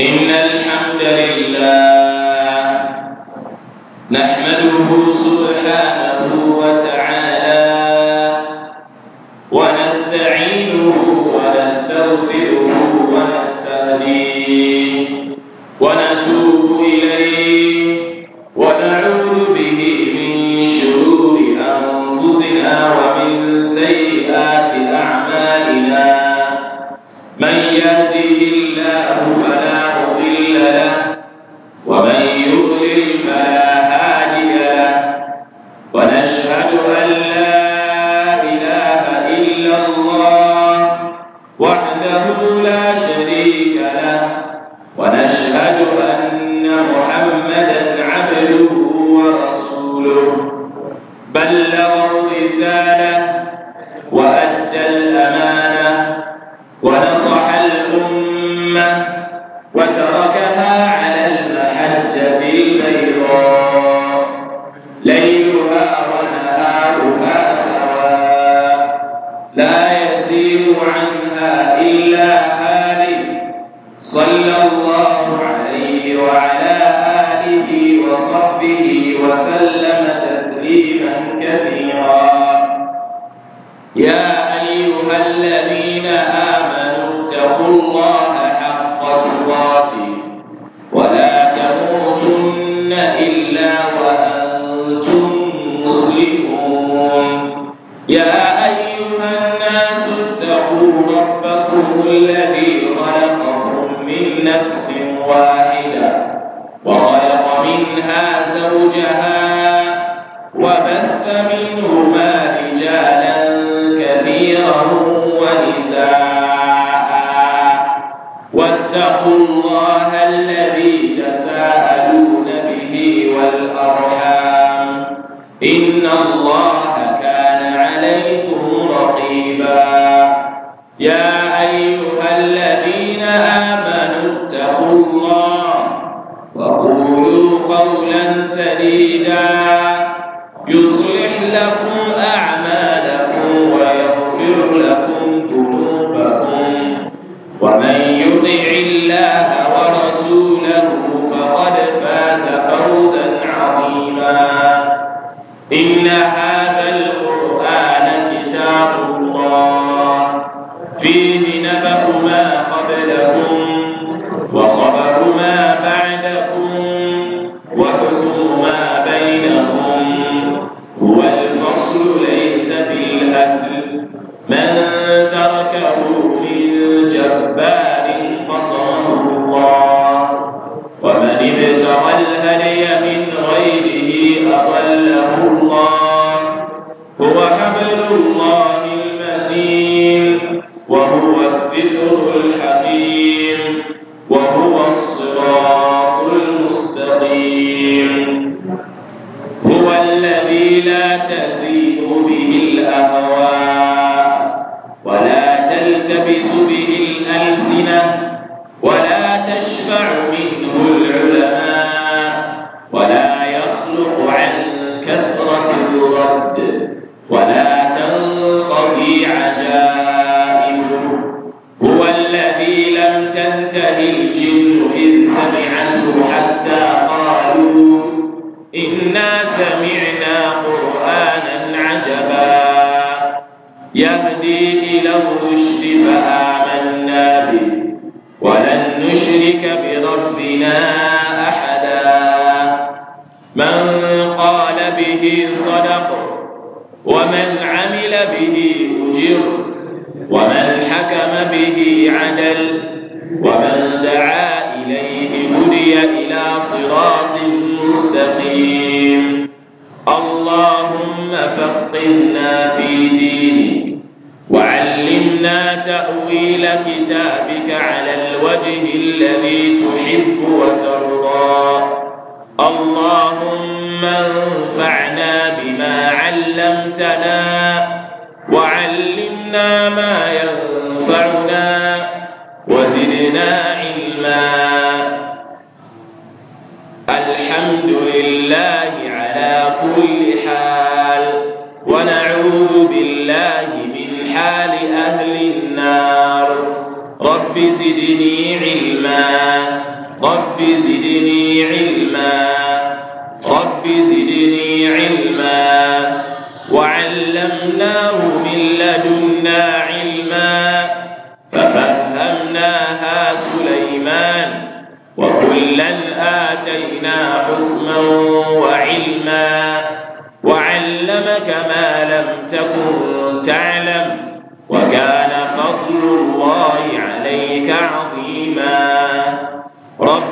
إن الحمد لله نحمده سبحانه وتعالى رب زدني علما رب زدني علما وعلمناه من لدنا علما ففهمناها سليمان وكلا آتينا حكما وعلما وعلمك ما لم تكن تعلم وكان فضل الله عليك عظيما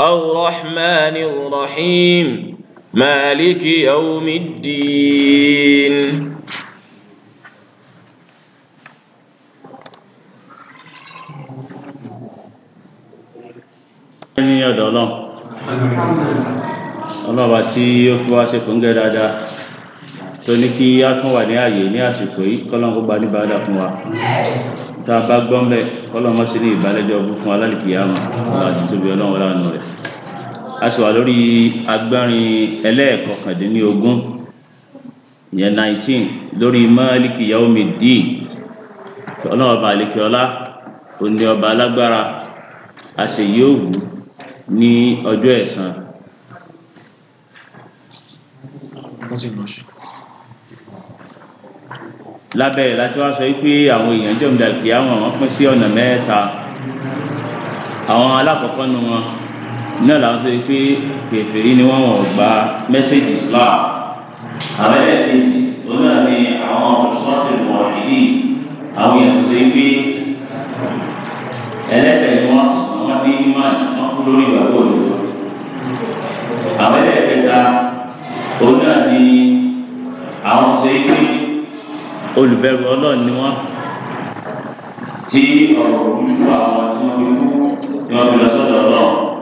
الرحمن الرحيم مالك يوم الدين ní ọ̀dọ̀ ọlọ́run ọlọ́ba tí ó fi wá ṣe kóńgẹ́ dáadáa tó ní kí á tún wà ní ààyè ní àsìkò yìí kọ́lọ́n kó gba fún wa tá a bá gbọ́n bẹ́ẹ̀ kọ́lọ́mọ́ sí ní ìbálẹ́jọ́ ọdún fún alálìkìyàmù láti tóbi ọlọ́run wọlé àánú rẹ̀ a sì wà lórí agbárin ẹlẹ́ẹ̀kọkàndínlógún ìyẹn nineteen lórí máàlìkì yaomi díì ọlọ́run ọba àlekèọlá òní ọba alágbára a sì yóò wù ní ọjọ́ ẹ̀san lábẹ́ ẹ̀ láti wá sọ pé àwọn èèyàn jọ̀ ń da ìpè àwọn àwọn pín sí ọ̀nà mẹ́ta àwọn alákọ̀ọ́kọ́ nu wọn náà làwọn sọ pé kèfèrí ni wọ́n wọ̀n gba mẹ́sẹ̀gì Islam àwọn ẹlẹ́kẹ̀ẹ́sì òun náà ni àwọn ọ̀sọ́ọ̀tì wọ̀n ìdí àwọn èèyàn sọ pé ẹlẹ́sẹ̀ ni wọ́n wọ́n ní ìmọ̀ wọ́n kú lórí ìgbàgbọ́ òdodo àwọn ẹlẹ́kẹ̀ẹ́ta òun náà ni àwọn sọ pé olùbẹ̀rù ọlọ́run ni wọ́n. tí ọ̀rọ̀ ojú àwọn tí wọ́n fi kú ni wọ́n fi lọ sọ́dọ̀ ọlọ́run.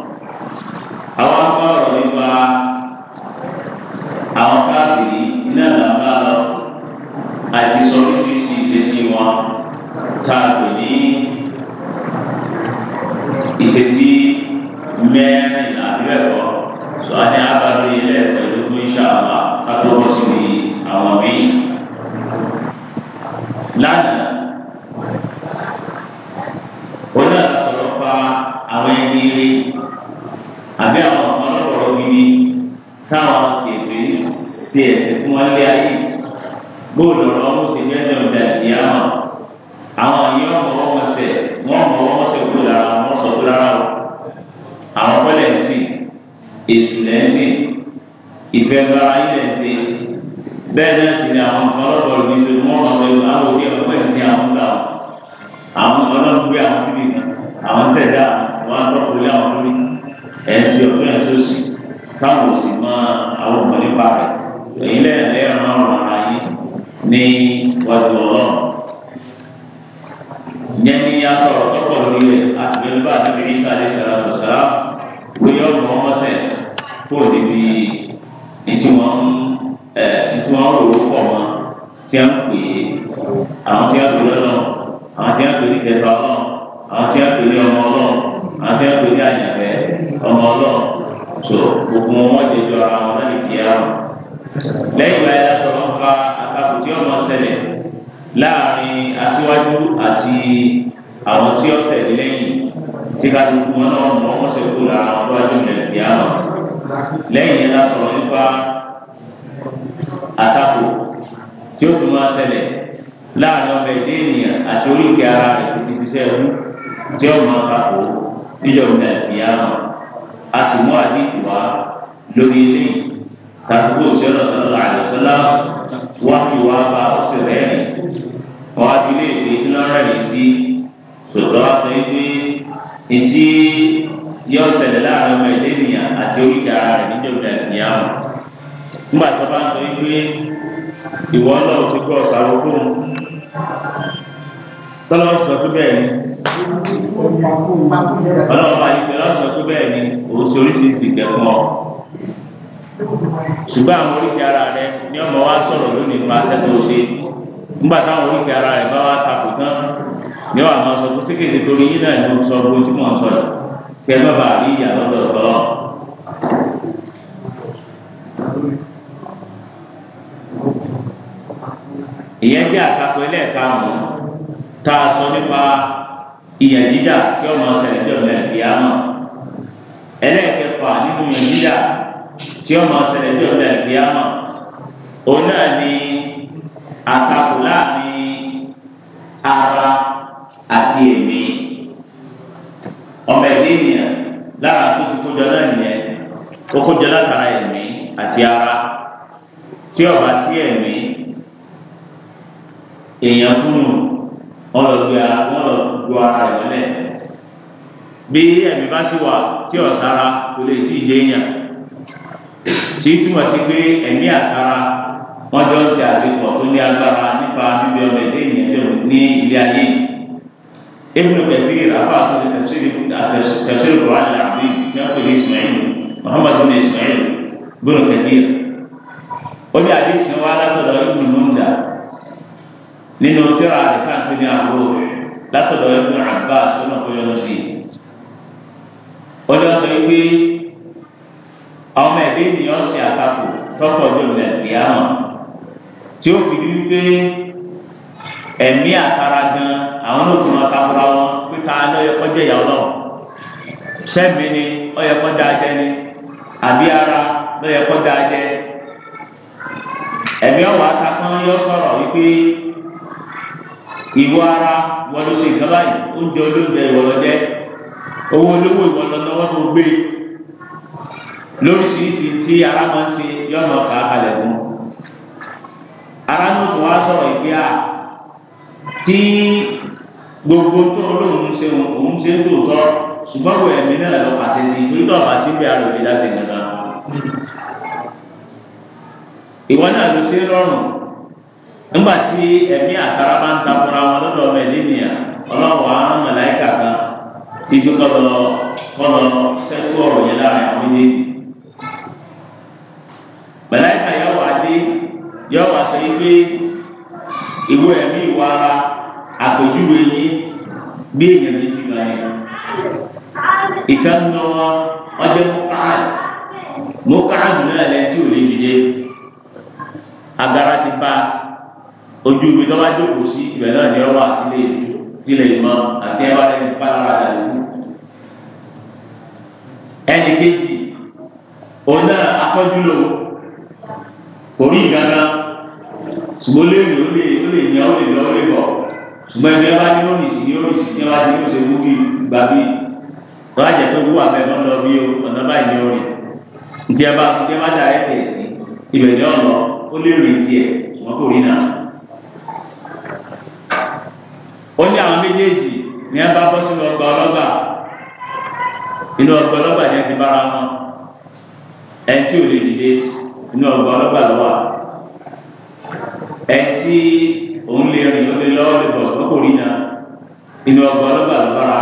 oríṣiríṣi kẹ́kọ̀ọ́ ṣùgbọ́n àwọn oríṣi ara rẹ ni ọmọ wa sọ̀rọ̀ lónìí nípa sẹ́kọ̀ ṣe nígbà táwọn oríṣi ara rẹ bá wá takò tán ni wàá máa sọ fún sékèké torí yín náà ni mo sọ fún ojúmọ̀ sọ̀rọ̀ kẹ́ má bàa rí ìyá lọ́dọ̀ tọ́lọ́. ìyẹn jẹ́ àtakò ẹlẹ́ẹ̀karùn-ún tá a sọ nípa ìyẹn jíjà tí ọmọ ọ̀sẹ̀ ìjọba ẹ̀ fi á ẹlẹ́ẹ̀kẹ́ ẹ̀fà nínú ìdílà tí ó máa ṣẹlẹ̀ bí ọ̀dà ìgbéyàmọ̀ òun náà ni àtakò láàrin ara àti èmi ọmọ ẹ̀dẹ́ ènìyàn lára tó ti kójọ náà nìyẹn ó kójọ látara ẹ̀mí àti ara tí ó bá sí ẹ̀mí èèyàn kúnnù ọlọ́gbé ara ọlọ́gbé ara ìmọ̀lẹ́ bí ẹ̀mí bá sì wà tí ọ̀sára kò lè tí ì déyàn tí túmọ̀ sí pé ẹ̀mí àtara wọ́n jọ ń ṣe àṣepọ̀ tó ní agbára nípa bíbí ọmọ ẹ̀dẹ́ ìyẹn ní ilé ayé ibùdó pẹ̀lú ìràpá àtẹ̀sílẹ̀ kò wáyé àbí ìjọba Ismail Muhammad bin Ismail bin Kathir ó ní àdéhùn wa látọ̀dọ̀ ibùdó múndà nínú tíra àdéhùn àti ní àbúrò látọ̀dọ̀ ibùdó àbá sọ́nà kó yọ lọ sí ọjọ́ sọ pé ọmọ ẹ̀dẹ́ ènìyàn ṣe àtakò tọ́pọ̀ ọjọ́ ilẹ̀ ìyáhàn tí ó fi rí pé ẹ̀mí àtara gan àwọn òkú náà takura wọn pé ta ló yẹ kọjá ìyá ọlọ́run sẹ́mi ni ó yẹ kọjá ajẹ́ ni àbí ara ló yẹ kọjá ajẹ́ ẹ̀mí ọ̀wà atakọ́ yọ sọ̀rọ̀ wípé ìwọ ara wọlé ṣe ìjọba yìí oúnjẹ olóògbé ìwọlọ́jẹ́ owó olówó ìwọ̀n lọ lọ́wọ́ tó gbé lóríṣiríṣi tí arámọ́sí yọ̀nà kà á kalẹ̀ fún arámọ́sí wa sọ̀rọ̀ ìgbé à tí gbogbo tó olóhùn ṣe òun ṣe lóòótọ́ ṣùgbọ́n wo ẹ̀mí náà lọ pàṣẹ sí i torí tó ọ̀bà sí bí arò ìdá ṣe nàná ìwọ náà ló ṣe rọrùn nígbà tí ẹ̀mí àtàrà bá ń ta fúnra wọn lọ́dọ̀ ọmọ ẹ̀ lẹ́nìyà ọlọ́wọ́ àwọn màláíkà kan ibi kọlọ kọlọ sẹkú ọ̀rọ̀ yẹn lára àwọn méjèèjì mẹlẹka yọ wá dé yọ wá sọ yìí pé ìwé ẹ̀mí ìwà àpèjúwe yìí bí èèyàn méjì wá yẹn ìkànnì wọn ọjọ mọkàá mọkàá nínú ẹlẹ tí ò lè dìde agbára ti bá ojú ibi tó bá jókòó sí ibẹ̀ náà ni ọwọ́ àtìlẹ́yìn tilẹ̀ ìmọ̀ àti ẹ̀wá lẹ́yìn pálá dàlú. ẹnì kejì òun náà orí ìgbàgbà ṣùgbọ́n léèrè ó lè ó lè yẹ ó lè lọ ó lè bọ̀ ṣùgbọ́n ẹgbẹ́ bá ní òrìṣì ní òrìṣì ní ọlá ní òṣèlú wúbi gbà bí wọ́n á jẹ́ pé wúwà bẹ́ẹ̀ lọ́n lọ bí ọ̀nà báyìí ní bá bá sí ibẹ̀ ní ọ̀nà ó ṣùgbọ́n kò inú ọgbà ọlọ́gbà ni ẹ ti bára wọn ẹ tí ò lè dìde inú ọgbà ọlọ́gbà ló wà ẹ tí òun lè rìn ó lè lọ́wọ́ lè bọ̀ ó kò rí na inú ọgbà ọlọ́gbà ló bára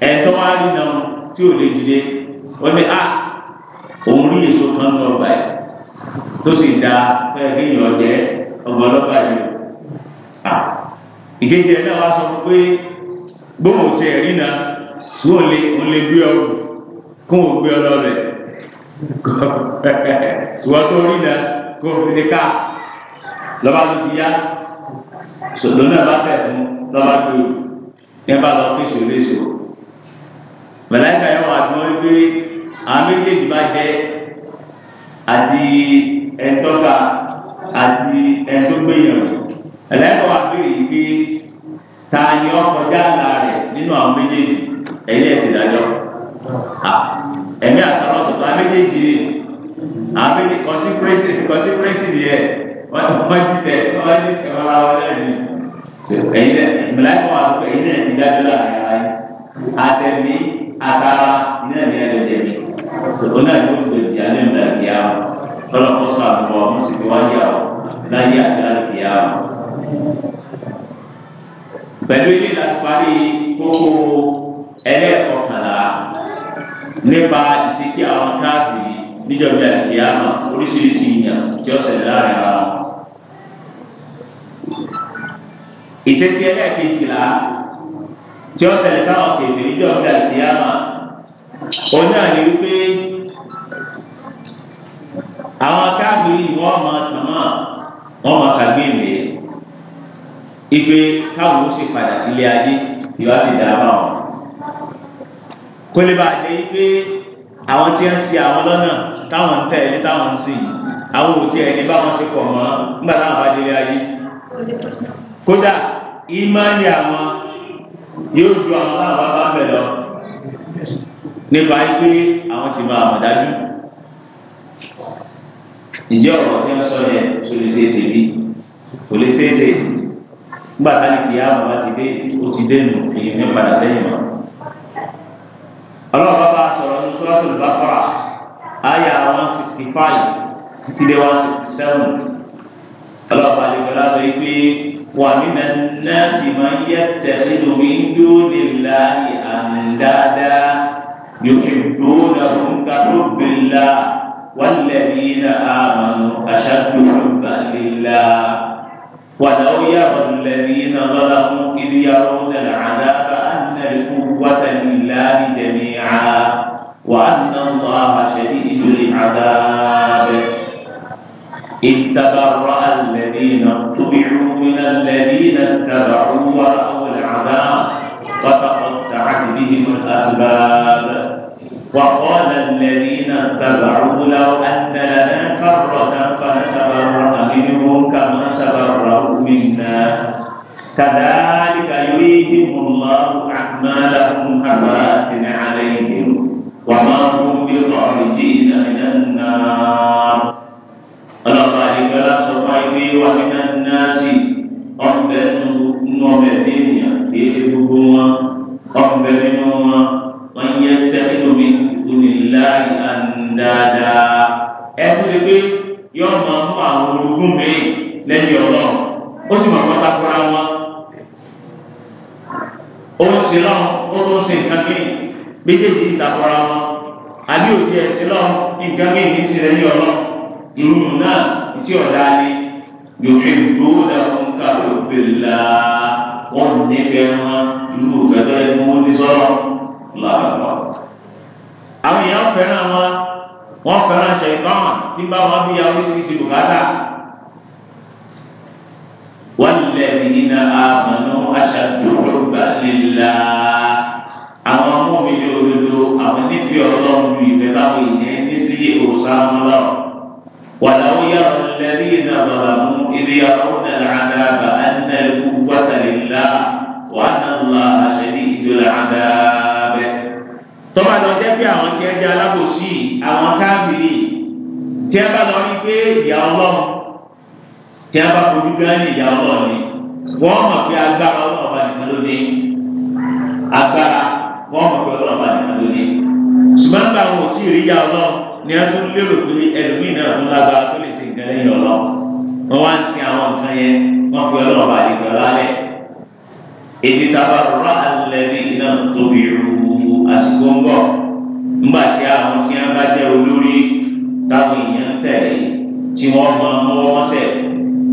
rẹ̀ ẹ tọ́ wá rí na tí ò lè dìde ó ní a ah, òun rí èso kan ní ọgbà yìí tó sì da fẹ́ kéèyàn jẹ ọgbà ọlọ́gbà yìí ah, ìkejì ẹ̀ náà wá sọ pé gbóhùn tiẹ̀ rí na wọ́n lè wọ́n lè gbé ọrùn kó wọ́n gbé ọrọ̀ rẹ̀ wọ́n tó rí náà kó wọ́n fi lè ká lọ́ba tó ti yá sọ̀dọ̀ náà bá fẹ̀ fún lọ́ba tó yẹ bá lọ kí sòrè sò mẹlẹ́ka yẹn wà tí wọ́n rí pé àwọn méjèèjì bá jẹ àti ẹ̀ńtọ́ka àti ẹ̀ńtọ́gbẹ̀yàn mẹlẹ́ka wà pé ìgbé ta ni ọkọjá àlà rẹ̀ nínú àwọn méjèèjì ẹ̀yin ẹ̀sìn ìdájọ́ ẹ̀mí àtọ́rọ̀ tọ̀tọ̀ abéjèèjì ni abéjì kọ́sípírẹ́sì kọ́sípírẹ́sì ni ẹ̀ wọ́n ti wọ́n ti tẹ̀ wọ́n ti tẹ̀ wọ́n ra wọn lẹ́yìn ẹ̀yin ẹ̀ mìláìkọ́ àtọ́kọ̀ ẹ̀yin ẹ̀ ìdájọ́ láàrin ara yín àtẹ̀mí àtàrà iná ni ẹ̀ lọ́jẹ̀ mi ṣùgbọ́n náà yóò tó di alẹ́ ìgbà kíá tọ́lọ́kọ́ sàbọ̀ mo sì ti wáyà ọ láyé àti pẹ̀lú ilé láti parí kókó ẹlẹ́kọ̀ọ́kànlá nípa ìṣesí àwọn káàkiri níjọba ìkìyàmà oríṣiríṣi ìyàn tí ó ṣẹlẹ̀ láàrin ara wọn. ìṣesí ẹlẹ́ẹ̀kejìlá tí ó ṣẹlẹ̀ sáwọn kèfèrè níjọba ìkìyàmà òun náà ni wípé àwọn káàkiri ìwọ ọmọ tàmá wọn mọ sàgbéǹde ìpè káwọn ó sì padà sílé ayé ìwádìí dáa kó lè bá jẹ́ pé àwọn tí ń ṣe àwọn lọ́nà táwọn ń tẹ̀lé táwọn ń sìn àwọn òtí ẹni báwọn ṣe pọ̀ mọ́ nígbà táwọn bá délé ayé kódà ìmánì àwọn yóò ju àwọn táwọn bá bá bẹ̀ lọ nípa pé àwọn ti máa mọ̀ dájú ìjẹ́ ọ̀rọ̀ tí wọ́n sọ yẹn tó lè ṣe ṣe bí kò lè ṣe ṣe nígbà táwọn ìpìyà àwọn bá ti dé ó ti dé nù èyí ní padà sẹ́yìn mọ́ ọlọ́run bá sọ̀rọ̀ ní suratul Baqara àyà one sixty five títí dé one sixty seven ọlọ́run bá lè gbọ́dọ̀ sọ yìí pé wà nínú nọ́ọ̀sì máa ń yẹ tẹ̀sílù mi ń lè la àmì dáadáa yòókè dúró lọ́run ká tó gbé la wal ladina amanu ashaddu hubban lillah. ولو يرى الذين ظلموا إذ يرون العذاب أن القوة لله جميعا وأن الله شديد العذاب إذ تبرأ الذين اتبعوا من الذين اتبعوا ورأوا العذاب وتقطعت بهم الأسباب وقال الذين اتبعوا لو أن لنا كرة فنتبرأ منهم كما تبرأوا منا كذلك يريهم الله أعمالهم حسرات عليهم وما هم بخارجين من النار ألقى سبحانه ومن الناس أمبنوا مبنين يسبقوا أمبنوا من يتخذ من lillahi andada ẹ tó ṣe pé yọ máa mú àwọn olùkún bẹ́ẹ̀ lẹ́yìn ọlọ́run ó sì máa pátá fúnra wọn ó ń sin lọ́run ó tó ń sin nǹkan kí méjèèjì ń tàkọ́ra wọn àbí òjì ẹ̀sìn lọ́run nǹkan kí ní sí lẹ́yìn ọlọ́run ìlú náà tí ọ̀dà ni yòókè tó dàrún kàwé òbẹ̀lá wọn nífẹ̀ẹ́ wọn ìlú òkè tó yẹ kó wọ́n ní sọ́rọ̀ láàbọ̀ àwọn èèyàn fẹ́ràn wọn wọ́n fẹ́ràn ṣẹ̀gbọ́n tí bá wọn bí ya oríṣiríṣi bùkátà wọ́n lẹ̀ nínú àmọ́nú aṣàdúró balẹ̀lá àwọn ọmọ mi ní òdodo àwọn nífẹ̀ẹ́ ọlọ́run ìfẹ́ táwọn èèyàn ní sí òòsàn wọn lọ. ولو يرى الذين ظلموا إذ يرون العذاب أن القوة لله وأن الله شديد العذاب tọ́ba lọ jẹ́ pé àwọn tí ẹ jẹ́ alábòsí àwọn káàbìrì tí ẹ bá lọ rí pé ìyá ọlọ́run tí ẹ bá fojú gbá ní ìyá ọlọ́run ni wọ́n mọ̀ pé agbára ọlọ́ọ̀ba nìkan ló ní agbára wọ́n mọ̀ pé ọlọ́ọ̀ba nìkan ló ní. ṣùgbọ́n nígbà wọn ò tí ì ìyá ọlọ́run ni ẹ tún lérò pé ẹlòmíín náà tún lágbára tó lè ṣe nǹkan lẹ́yìn ọlọ́run wọ́n wá ń sin àwọn nǹkan yẹn wọ́n fi ọlọ́ọ̀ba nìkan lálẹ́ èdè tabarọ́ àlẹ́ àsìkò ń bọ̀ nígbà tí àwọn tí wọ́n bá jẹ́ olórí táwọn èèyàn tẹ̀lé tí wọ́n máa mọ́wọ́ mọ́sẹ̀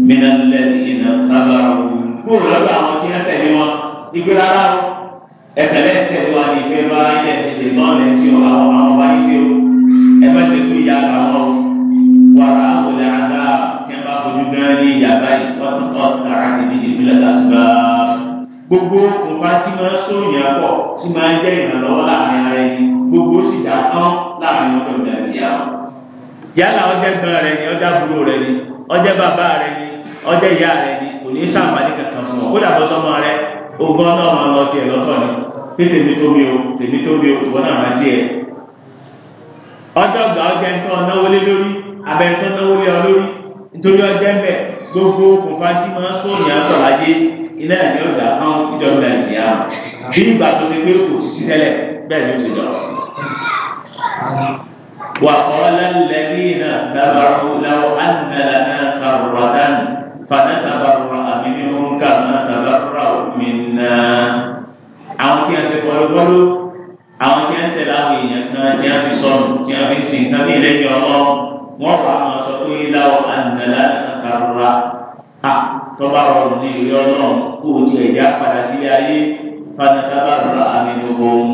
mìíràn lẹ́yìn iná tábàrà òun. kúrò lọ́dọ̀ àwọn tí wọ́n tẹ̀lé wọn ìgbé rárá o ẹ̀tẹ̀lẹ́ tẹ̀lé wa ní ìfẹ́ bá ilẹ̀ ti ṣe náà lẹ́ sí àwọn àwọn ọba yìí sí o ẹ bá ti kú ìyá àwọn wàrà àwòlẹ̀ àgbà tí wọ́n bá fojú gbẹ́rẹ́ ní ìyá gbogbo nǹkan tí máa ń sóyìn àpọ̀ tí máa ń jẹ́ ìrànlọ́wọ́ láàrin ara ẹni gbogbo sì dá tán láàrin ọjọ́ ìdàgbé yálà ọjọ́ gbọ́n rẹ ni ọjọ́ àbúrò rẹ ni ọjọ́ bàbá rẹ ni ọjọ́ ìyá rẹ ni kò ní sàǹfààní kankan fún ọ kódà bọ́ sọmọ rẹ ogun ọ̀nà ọmọ lọ tiẹ̀ lọ́tọ̀ ni pé tèmi tó mi o tèmi tó mi o ìwọ náà máa tiẹ̀. ọjọ́ gbà ọjọ́ ẹ̀ńtọ́ náwó lé lórí abẹ́ńtọ́ náwó lé ọ lórí nítorí ọjọ́ ẹ̀ńbẹ̀ gbogbo okùnfà tí máa ń sóyìn àtọ̀ iná ẹ̀mí ọ̀dà fún ìjọba nàìjíríà bí ìgbà tó ti pé kò sí tẹ́lẹ̀ bẹ́ẹ̀ ni ó ti dọ̀rọ̀. وقال الذين اتبعوا لو أن لنا كرة فنتبرأ منهم كما تبرأوا منا àwọn tí a ti pọlọpọlọ àwọn tí a ń tẹ̀lé àwọn èèyàn kan tí a fi sọnù tí a fi sìn tàbí ilé ìjọ wọ́n wà á sọ pé láwọn àdìdàlá kàrọ̀ra tọ́ba ọ̀rọ̀ ní ìwé ọlọ́run kó o ti ẹ̀já padà sílé ayé fanatábà rọra àmì ní ohun.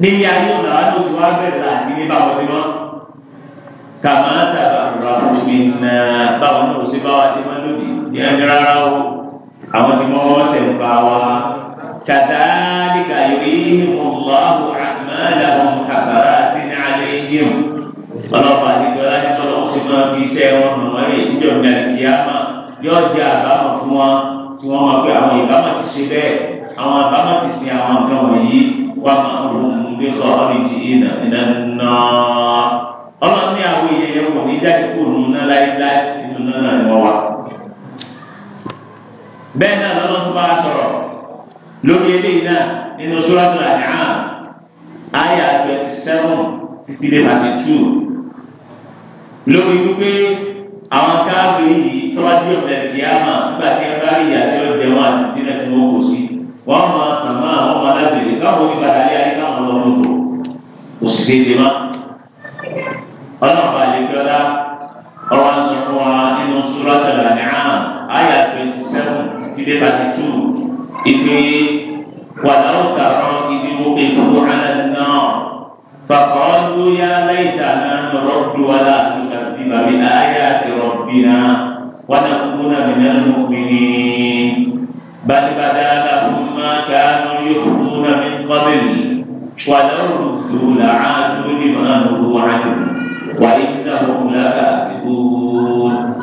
níbi ayé ọ̀nà àdó tí wọ́n á bẹ̀rẹ̀ àti ní báwọn sí mọ́. kàmá tàbà rọra omi nà báwọn náà ṣe bá wa ṣe máa lòdì tí wọ́n rárá o àwọn tí wọ́n wọ́n ṣẹ̀ ń bá wa. kàdáàlìkà yìí ni ọ̀làwù àmàlàwù kàbàrà ti ní alẹ́ yìí. ọlọ́pàá ti gbọ́dọ̀ láti tọ́lọ́ yóò jẹ àbámọ̀ fún wọn tí wọ́n máa pé àwọn ìbámọ̀ ti ṣe bẹ́ẹ̀ àwọn àbámọ̀ ti sin àwọn nǹkan wọ̀nyí wà máa ń lò ó bí sọ ọ́nì tí ìnà ìnà nà ọlọ́run ní àwọn èèyàn yẹn wò ní jáde kúrò nínú náà láéláé nínú náà ni wọ́n wà. bẹ́ẹ̀ náà lọ́dún tó bá sọ̀rọ̀ lórí eléyìí náà nínú suratul An'am àyà twenty seven títí dé thirty lórí wípé àwọn káàkiri yìí tọ́wájú ọ̀tẹ̀ tí a máa nígbà tí a bá rí ìyá tí ó jẹ wọn àti dínà tí wọn kò sí wọn máa tàn máa wọn máa lágbèrè káwọn oníbàdà ayé ayé káwọn lọ lọ lò kò sì ṣeé ṣe má. ọlọ́pàá àlejòọ́lá ọ̀rọ̀ ń sọ fún wa nínú Suratul An'am àyà twenty seven títí dé thirty two ìpè wàláwù tààrọ̀ ibi wo ètò àná náà faqalu ya laytana nuraddu wa فبآيات ربنا ونكون من المؤمنين بل بدا لهم ما كانوا يخفون من قبل ولو ردوا لعادوا لما نهوا عنه وإنهم لكاذبون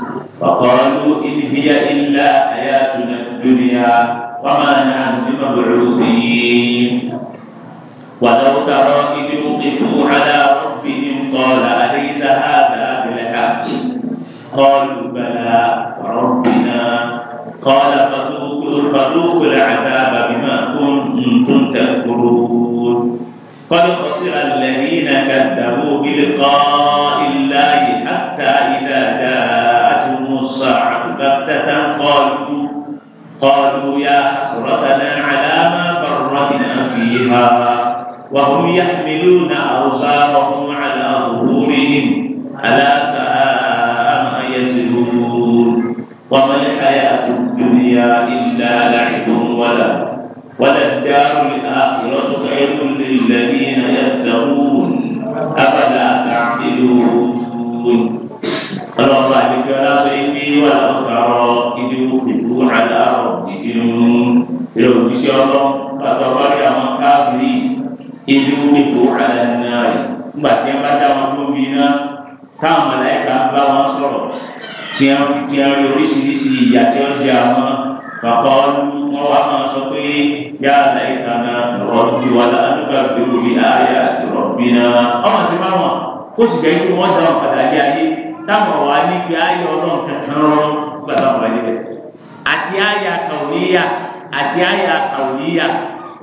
فقالوا إن هي إلا حياتنا الدنيا وما نحن بمبعوثين ولو ترى إذ وقفوا على ربهم قال أليس هذا بالحق قالوا بلى وربنا قال فذوقوا فذوقوا العذاب بما كنتم تكفرون قد خسر الذين كذبوا بلقاء الله حتى إذا جاءتهم الساعة بغتة قالوا قالوا يا حسرتنا على ما فرطنا فيها وهم يحملون أوزارهم على ظهورهم ألا ó sì jẹ́ kí wọ́n dá wọn padà lé ayé táwọn wà níbi ayé ọlọ́run kankan rọrùn gbà táwọn wà níbẹ̀. àti ayé àkàwéyà àti ayé àkàwéyà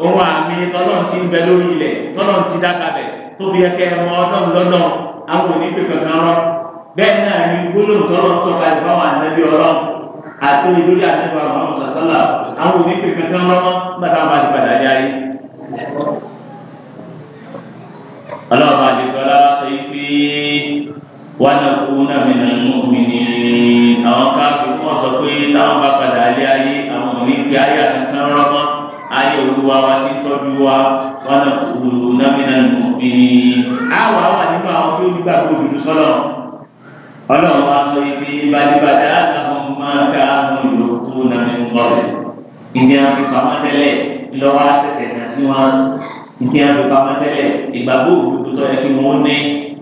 ohun àmì tọ́lọ́run ti ń bẹ lórí ilẹ̀ tọ́lọ́run ti dá kabẹ̀ tó fi ẹkẹ ẹmọ ọlọ́run lọ́dọ̀ àwọn onípe kankan rọ bẹ́ẹ̀ náà ni gbólóhùn tọ́lọ́run tó bá ìfọ́ àwọn ànábì ọlọ́run àti olùdókè àti àwọn ọmọ sàṣálà àwọn onípe kankan rọ ọlọ́ọ̀bá àdìgbọ́lá sọ pé wọ́n náà kú náà mi náà mú mi ní àwọn káàkiri wọ́n sọ pé táwọn bá padà alẹ́ ayé àwọn òní ti ayé àtúntàn rọ́mọ́ ayé olúwa wa ti tọ́jú wa wọ́n náà kú náà mi náà mú mi ní. àwọn àwọn nínú àwọn tó ní gbàgbọ́ òdùdú sọ́lọ̀ ọlọ́run wa sọ pé balibada àwọn máa ká àwọn ìlòkù náà ń bọ̀ ìdí àwọn ìpamọ́ tẹ́lẹ̀ lọ́wọ́ àṣẹṣẹ̀ náà ìtì àti pamọ́ tẹ́lẹ̀ ìgbàgbọ́ òdodo tó yẹ kí wọ́n ní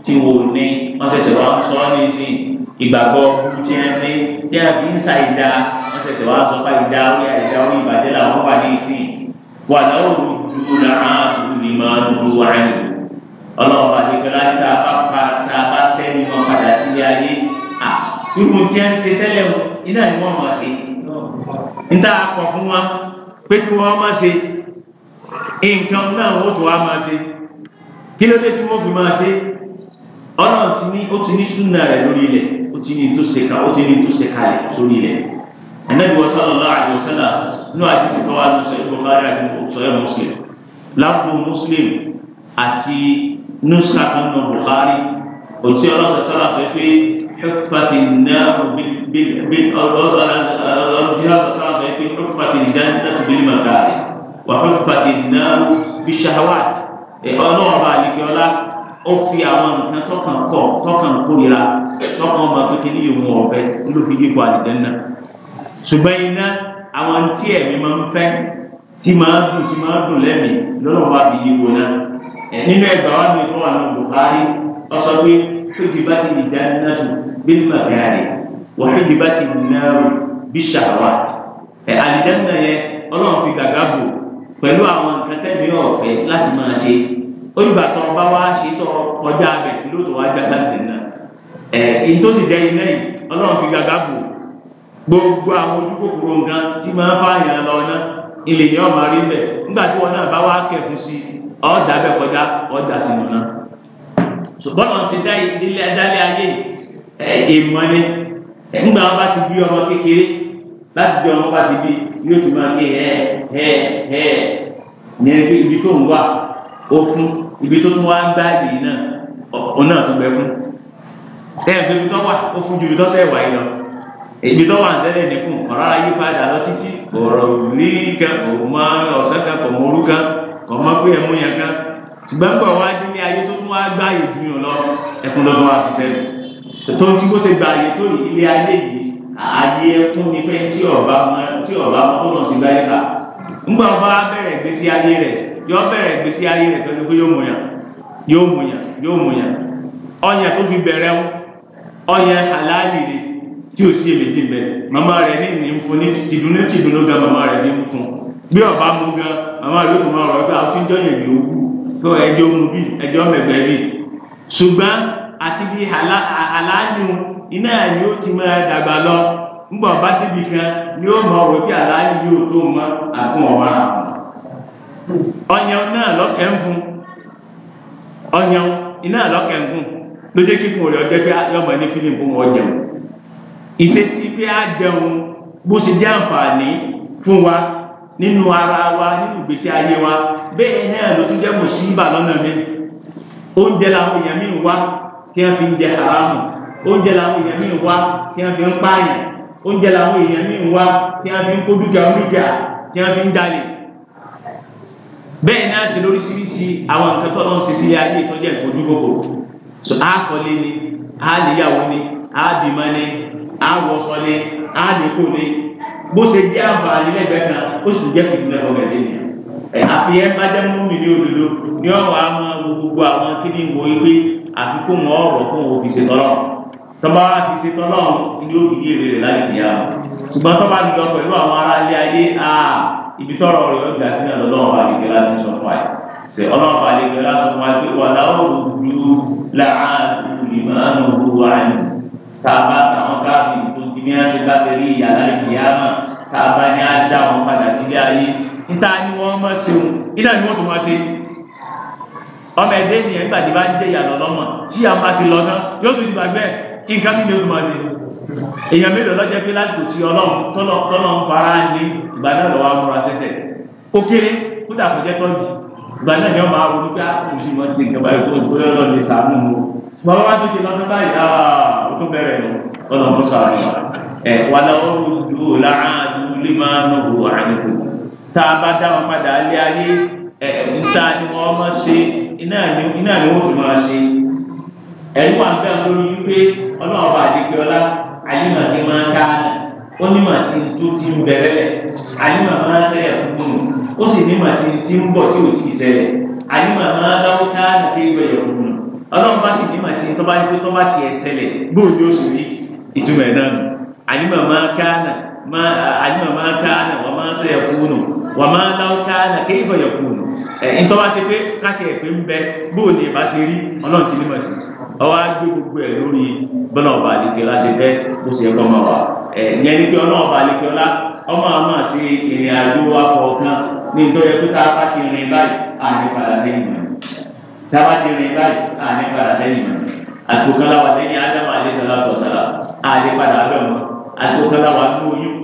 tí wọ́n ní wọ́n ṣẹ̀ṣẹ̀ wá sọ ọ́ ní sí ìgbàgbọ́ tí wọ́n ní tí a fi ń sa ìdá wọ́n ṣẹ̀ṣẹ̀ wá sọ pa ìdá orí àìdá orí ìbàjẹ́ làwọn wà ní sí wà láwọn olùdúró làwọn àbúrò ní máa ń dúró wá ní. ọlọ́run bá dégbé láti tá a bá pa tá a bá sẹ́ni wọn padà sí ayé à irun tí wọ́n ti tẹ́lẹ̀ iná ni wọ́n mọ̀ sí. níta akọ̀ fún wọn pé kí wọ́n mọ̀ sí nǹkan náà ó tó wá máa ṣe kí ló dé tí wọ́n fi máa ṣe ọlọ́run ti ní ó ti ní súnà rẹ̀ lórí ilẹ̀ ó ti ní tó ṣe ká ó ti ní tó ṣe kalẹ̀ sórí ilẹ̀ Ànábì sallallahu alaihi wasallam nínú àdìsí tó wà ní sọ ẹ̀kọ́ bá rẹ̀ sọ ẹ̀ Muslim lápò Muslim àti nusa kan nù Bukhari òtí ọlọ́run sọ̀rọ̀ àfẹ́ pé حفت النار بال بال بال الجهاز الصعب يكون wàhálà pàdé náà bí shahawat ọlọ́ọ̀bà àdìgbọ́lá ó fi àwọn nǹkan tọkàn kọ tọkàn kórira tọkàn ọmọ kékeré yìí mú ọbẹ olófin yípo àdìdẹ́nà ṣùgbọ́n iná àwọn tí ẹ̀mí máa ń fẹ́ tí máa ń dùn tí máa ń dùn lẹ́mìí lọ́lọ́wọ́ àbí yípo náà nínú ẹgbàá wa ni ọlọ́run fi gàgà pẹ̀lú àwọn nǹkan ofe ọ̀fẹ́ láti máa ṣe olùgbà tó ọba wa ṣe tó kọjá abẹ ló wá já sáàtì náà gbogbo àwọn ojúkòkòrò nǹkan tí máa fà yàn lọ náà ilé yẹn ọmọ rí bẹ nígbà tí wọn náà bá wá kẹfún sí ọ̀dà bẹ kọjá ṣùgbọ́n dá ilé ayé ìmọ̀ láti jọ ọmọ bá ti bí yóò ti máa gé ẹ ẹ ẹ ní ẹni pé ibi tó ń wà ó fún ibi tó tún wá ń báàgì náà ọ náà tó gbẹ fún ẹ̀yìn tó ibi tó wà ó fún ju ibi tó fẹ́ wà yìí lọ ibi tó wà ń tẹ́lẹ̀ nìkún ọ̀rọ̀ ayé padà lọ títí ọ̀rọ̀ ní kan kò mọ ọ̀sán kan kò mọ orú kan kò mọ pé ẹ̀mú yẹn kan ṣùgbọ́n pọ̀ wá dé ní ayé tó tún wá gbá ìdúnyàn lọ ẹkún lọ́dún wa fi sẹ́nu tó ń tí kó ṣe gba ayé tó ilé ayé yìí ààyè fún mi fẹ́ tí ọba tí ọba ọlọ́run ti gbáyé ká ńgbà ọba bẹ̀rẹ̀ gbèsè ayé rẹ̀ yọ bẹ̀rẹ̀ gbèsè ayé rẹ̀ pẹ̀lú pé yóò mọ̀yàn yóò mọ̀yàn yóò mọ̀yàn ọyàn tó fi bẹ̀rẹ̀ ń ọyàn aláàlì rẹ̀ tí ò sí èméjì bẹ̀ màmá rẹ̀ ní ní fún ní tìdúnú tìdúnú gan màmá rẹ̀ ní fún bí ọba mú gan màmá rẹ̀ kò máa rọ̀ pé àwọn tí ń jọyàn yòó kó ẹjọ́ mú bí ẹjọ́ mẹ̀gbẹ́ bí ṣùgbọ́n àti bí aláàlì iná ni ó ti mara dàgbà lọ ńgbà ti síbi kan ni ó mọ òwe bí aláàlú yóò tó mọ àgùn ọ̀wá ọyàn náà lọ́kẹ́ ń fún ọyàn iná lọ́kẹ́ ń fún ló jẹ́ kí fún òrè ọjọ́ pé yọmọ ní fún wọn jẹun ìṣesí pé á jẹun bó fún wa nínú ara wa nínú ìgbésí ayé wa bẹ́ẹ̀ náà ló tún jẹ́ lọ́nà mi oúnjẹ làwọn èèyàn mi wá tí wọ́n fi ń jẹ oúnjẹ làwọn èèyàn míì wá tí wọ́n fi ń pààyàn oúnjẹ làwọn èèyàn míì wá tí wọ́n fi ń kó dúkìá oníjà tí wọ́n fi ń jalè bẹ́ẹ̀ náà ti lóríṣiríṣi àwọn nǹkan tó lọ́n ṣe sí ayé ìtọ́jú ẹ̀kọ́ ojú gbogbo so á kọ́lé ni á níyàwó ni á bímọ ni á wọṣọ ni á níkó ni bó ṣe jẹ́ àǹfààní lẹ́gbẹ̀ẹ́ kan ó sì jẹ́ fìdí lẹ́kọ̀ọ́ gẹ̀dẹ́ ni ẹ̀ àfi ẹ bá jẹ́ mú mi ní òdodo ní ọ̀rọ̀ àwọn gbogbo àwọn kíni wo ewé àfikún ọ̀rọ̀ fún òfìsè tọ́lọ́run tọ́ba ti ṣe tọ́lọ́ ní ó fìdí èrè rẹ̀ láti yá ṣùgbọ́n tọ́ba ti lọ pẹ̀lú àwọn ará ilé ayé a ibi tọ́rọ̀ rẹ̀ ó gbà sínú ọlọ́run bá nìkẹ́ láti sọ fún àyè ṣe ọlọ́run bá nìkẹ́ láti fún àyè pé wàlá òòlù làánù ìmọ̀ràn òwò àyè tàbá táwọn káàfin tó ti ní àṣẹ bá ti rí ìyá láti yá mà tàbá ní á wọn padà sílé ayé níta ni wọ́n mọ̀ ṣeun iná ni wọ́n tó máa ṣe ọmọ ẹ̀dẹ́ ènìyàn nígbà tí bá ń jẹ́ ìyàlọ́ lọ́mọ tí àwọn bá ti lọ náà yóò tún ti nǹkan mi ni ó máa ṣe èèyàn mélòó lọ́jọ́ pé láti kò tí ọlọ́run tọ́nà tọ́nà ń fara ní ìgbà náà lọ́wọ́ amúra sẹ́sẹ̀ ó kéré kódà kò jẹ́ tọ́jú ìgbà náà ni wọ́n máa ronú pé ah, kò sí wọn ti ìjọba ètò ìgbóyè ọlọ́run lè sàánú mu bàbá wa ti di lọ́dún báyìí ah, ó tó bẹ̀rẹ̀ nù ọlọ́run tó sàánú ẹ̀ wà lọ́wọ́ dùdú làánú lè máa nù wò àyẹ̀kọ́ a bá dá wọn padà lé ayé ẹ̀ ẹ̀rú wà bẹ́ẹ̀ lórí wípé ọlọ́ọ̀bà àdìgbọ́lá ayémọ̀ ní máa ń ká ó nímọ̀ sí tó ti ń bẹ̀rẹ̀ ayémọ̀ máa ń tẹ̀lé fún un ó sì nímọ̀ sí ti ń bọ̀ tí ò ti ṣẹlẹ̀ ayémọ̀ máa ń dáwó ká ní ìgbẹ̀yẹ̀ fún un ọlọ́run bá sì nímọ̀ sí tó bá ní pé tó bá tiẹ̀ ṣẹlẹ̀ gbòòdì oṣù rí ìtumọ̀ ẹ̀ náà ayémọ̀ ká ayémọ̀ máa ń ká wọ́n máa ń tẹ̀lé fún wọ́n máa ń ká ní ìgbẹ̀yẹ̀ ọwọ́ agbé gbogbo ẹ̀ lórí bọ́lá ọba àdìsẹ́ láti fẹ́ kó sì ẹ̀kọ́ máa wà ẹ̀ yẹn ní pé ọlọ́run ọba àdìsẹ́ ọlá ọmọ àmọ́ sí ìrìn àjò akọ̀ọ̀kan ní ìtọ́jú pé tá a bá ti rìn báyìí àní padà sẹ́yìn mọ́ tá a bá ti rìn báyìí àní padà sẹ́yìn mọ́ àtòkànlá wà lẹ́yìn ádámù àdìsẹ́ látọ̀sára àní padà abẹ́ mọ́ àtòkànlá wà ní oyún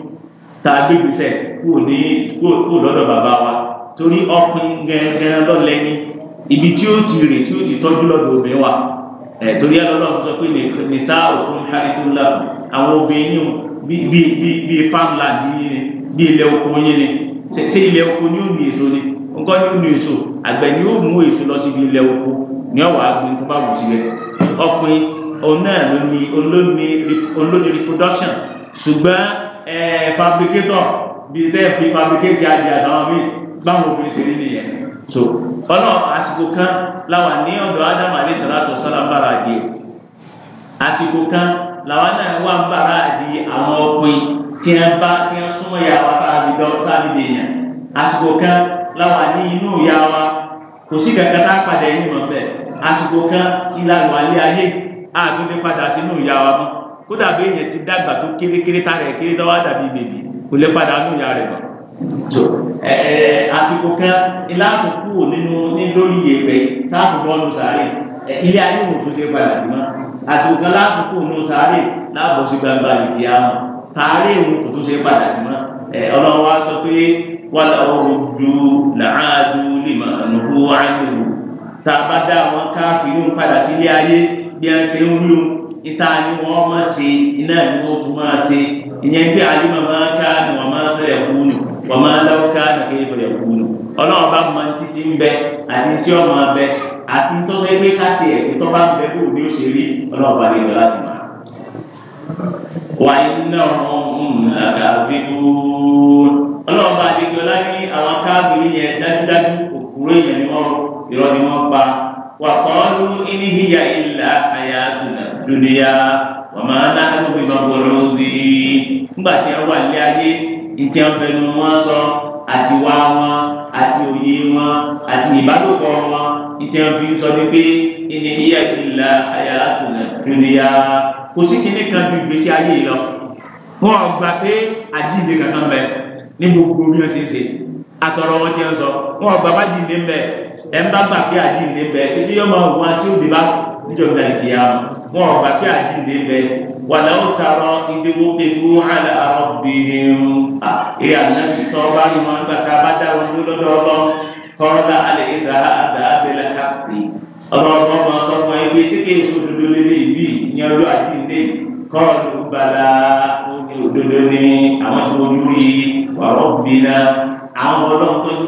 tá a gbé gbèsè kúrò ibi tí ó ti rè tí ó ti tọ́jú lọ́dọ̀ obìnrin wa Eh, torí ẹlọ́lọ́ sọ pé nìsá òkun harikula àwọn obìnrin bíi farmland yìí ni bíi ilẹ̀ oko yìí ni ṣe ilẹ̀ oko ni ó ní èso ni nǹkan ni ó ní èso àgbẹ̀ ni ó mú èso lọ síbi ilẹ̀ oko ni ọ̀wà agbóhùn tó bá wù síbẹ̀ ọkùnrin òun náà ló ní olóni reproduction ṣùgbọ́n fabricator bíi tẹ́ẹ̀ fi fabricate jáde àtàwọn míì báwọn obìnrin ṣe rí nìyẹn ọlọ́run àsìkò kan làwà ní ọ̀dọ̀ ádámù alẹ́ sàlátù sálám bára di àsìkò kan làwa náà wà ń bára di àwọn ọkùnrin tí wọ́n bá tí wọ́n súnmọ́ ìyá wa táàbí dọ́kítà mi dèèyàn àsìkò kan làwa ní inú ìyá wa kò sí kankan tá a padà ẹni mọ̀ bẹ́ẹ̀ àsìkò kan ìlànà alẹ́ ayé àtúndé padà sínú ìyá wa mọ́ kódà èèyàn ti dàgbà tó kérékéré tá rẹ̀ kéré tó wá dàbí bèbí kò lè padà nù ìyá rẹ̀ mọ́ so ẹ̀ẹ́ àsìkò kan ìlànà kúrò nínú lórí ìyẹ̀pẹ̀ táàbù bọ́ọ̀lù sàárè ilé ayé wò tó ṣe padà sí mọ́ àsìkò kan láàbù kúrò nínú sàárè láàbù sí gbangba ìdí àmọ́ sàárè wò tó ṣe padà sí mọ́ ẹ̀ ọlọ́run wa sọ pé wọ́n lọ rúdu làádú lìmọ̀ nùkú àyẹ̀wò tá a dá wọn káàkiri padà sí ilé ayé bí a ṣe ń wúlò ìta ni wọ́n máa ṣe iná ni wọ́n tún máa ṣe ìyẹn bí alimọ̀ máa ká ni wọ́n máa fẹ́ wúlò ọmọ aláwọ̀ká nìkéyìí rẹ̀ kú nù ọlọ́run bá mọ títí ń bẹ àti tí ó máa bẹ àti tó fẹ́ gbé káàtì ẹ̀ tó bá ń bẹ kó ní òṣèré ọlọ́run bá lè lọ láti mọ̀. wàyí náà àgàbíbú ọlọ́run bá lè gbọ́lá ní àwọn káàbìrì yẹn dájúdájú òkúrò yẹn ni wọ́n irọ́ ni wọ́n pa wà kọ́ọ́lù iní híyà ìlà àyà dùnìyà wàmọ́ náà ló tí wọ́n wà ní ayé ìtì ọ̀bẹ̀nu wọn sọ àti wá wọn àti òye wọn àti ìbálòpọ̀ wọn ìtì ọ̀bí sọ ní pé ìní ìyá ìlà ayára tó nà dúnìyà kò sí kíní kan ju ìgbésí ayé yìí lọ wọn ò gbà pé àjíǹde kankan bẹ ní gbogbo bí wọn ṣe ń ṣe àtọ̀rọ̀ wọn ti ń sọ wọn ò gbà bá jíǹde ń bẹ ẹ̀ ń bá gbà pé àjíǹde bẹ ṣe bí yọmọ òun àti òbí bá níjọba ìkìyà wọn ò gbà pé àjíǹde bẹ wàláwó tààrọ ìdíwó kẹfù àlẹ àrọbìnrin ìyá nàbì tọba ni wọn gbàtà bá dá wọn lọ́dọ̀ ọlọ kọrọdà àlẹ ìsàrà àdá abẹlẹ káàkiri ọlọ́rọ̀ ọmọ ọmọ ẹgbẹ síkè èso òdodo lélẹ ìbí ìyẹn ọjọ́ àti ilé kọọlù gbàdá òní òdodo ní àwọn tó ojú rí wàrọ bìnnà àwọn àwọn gbàtà tó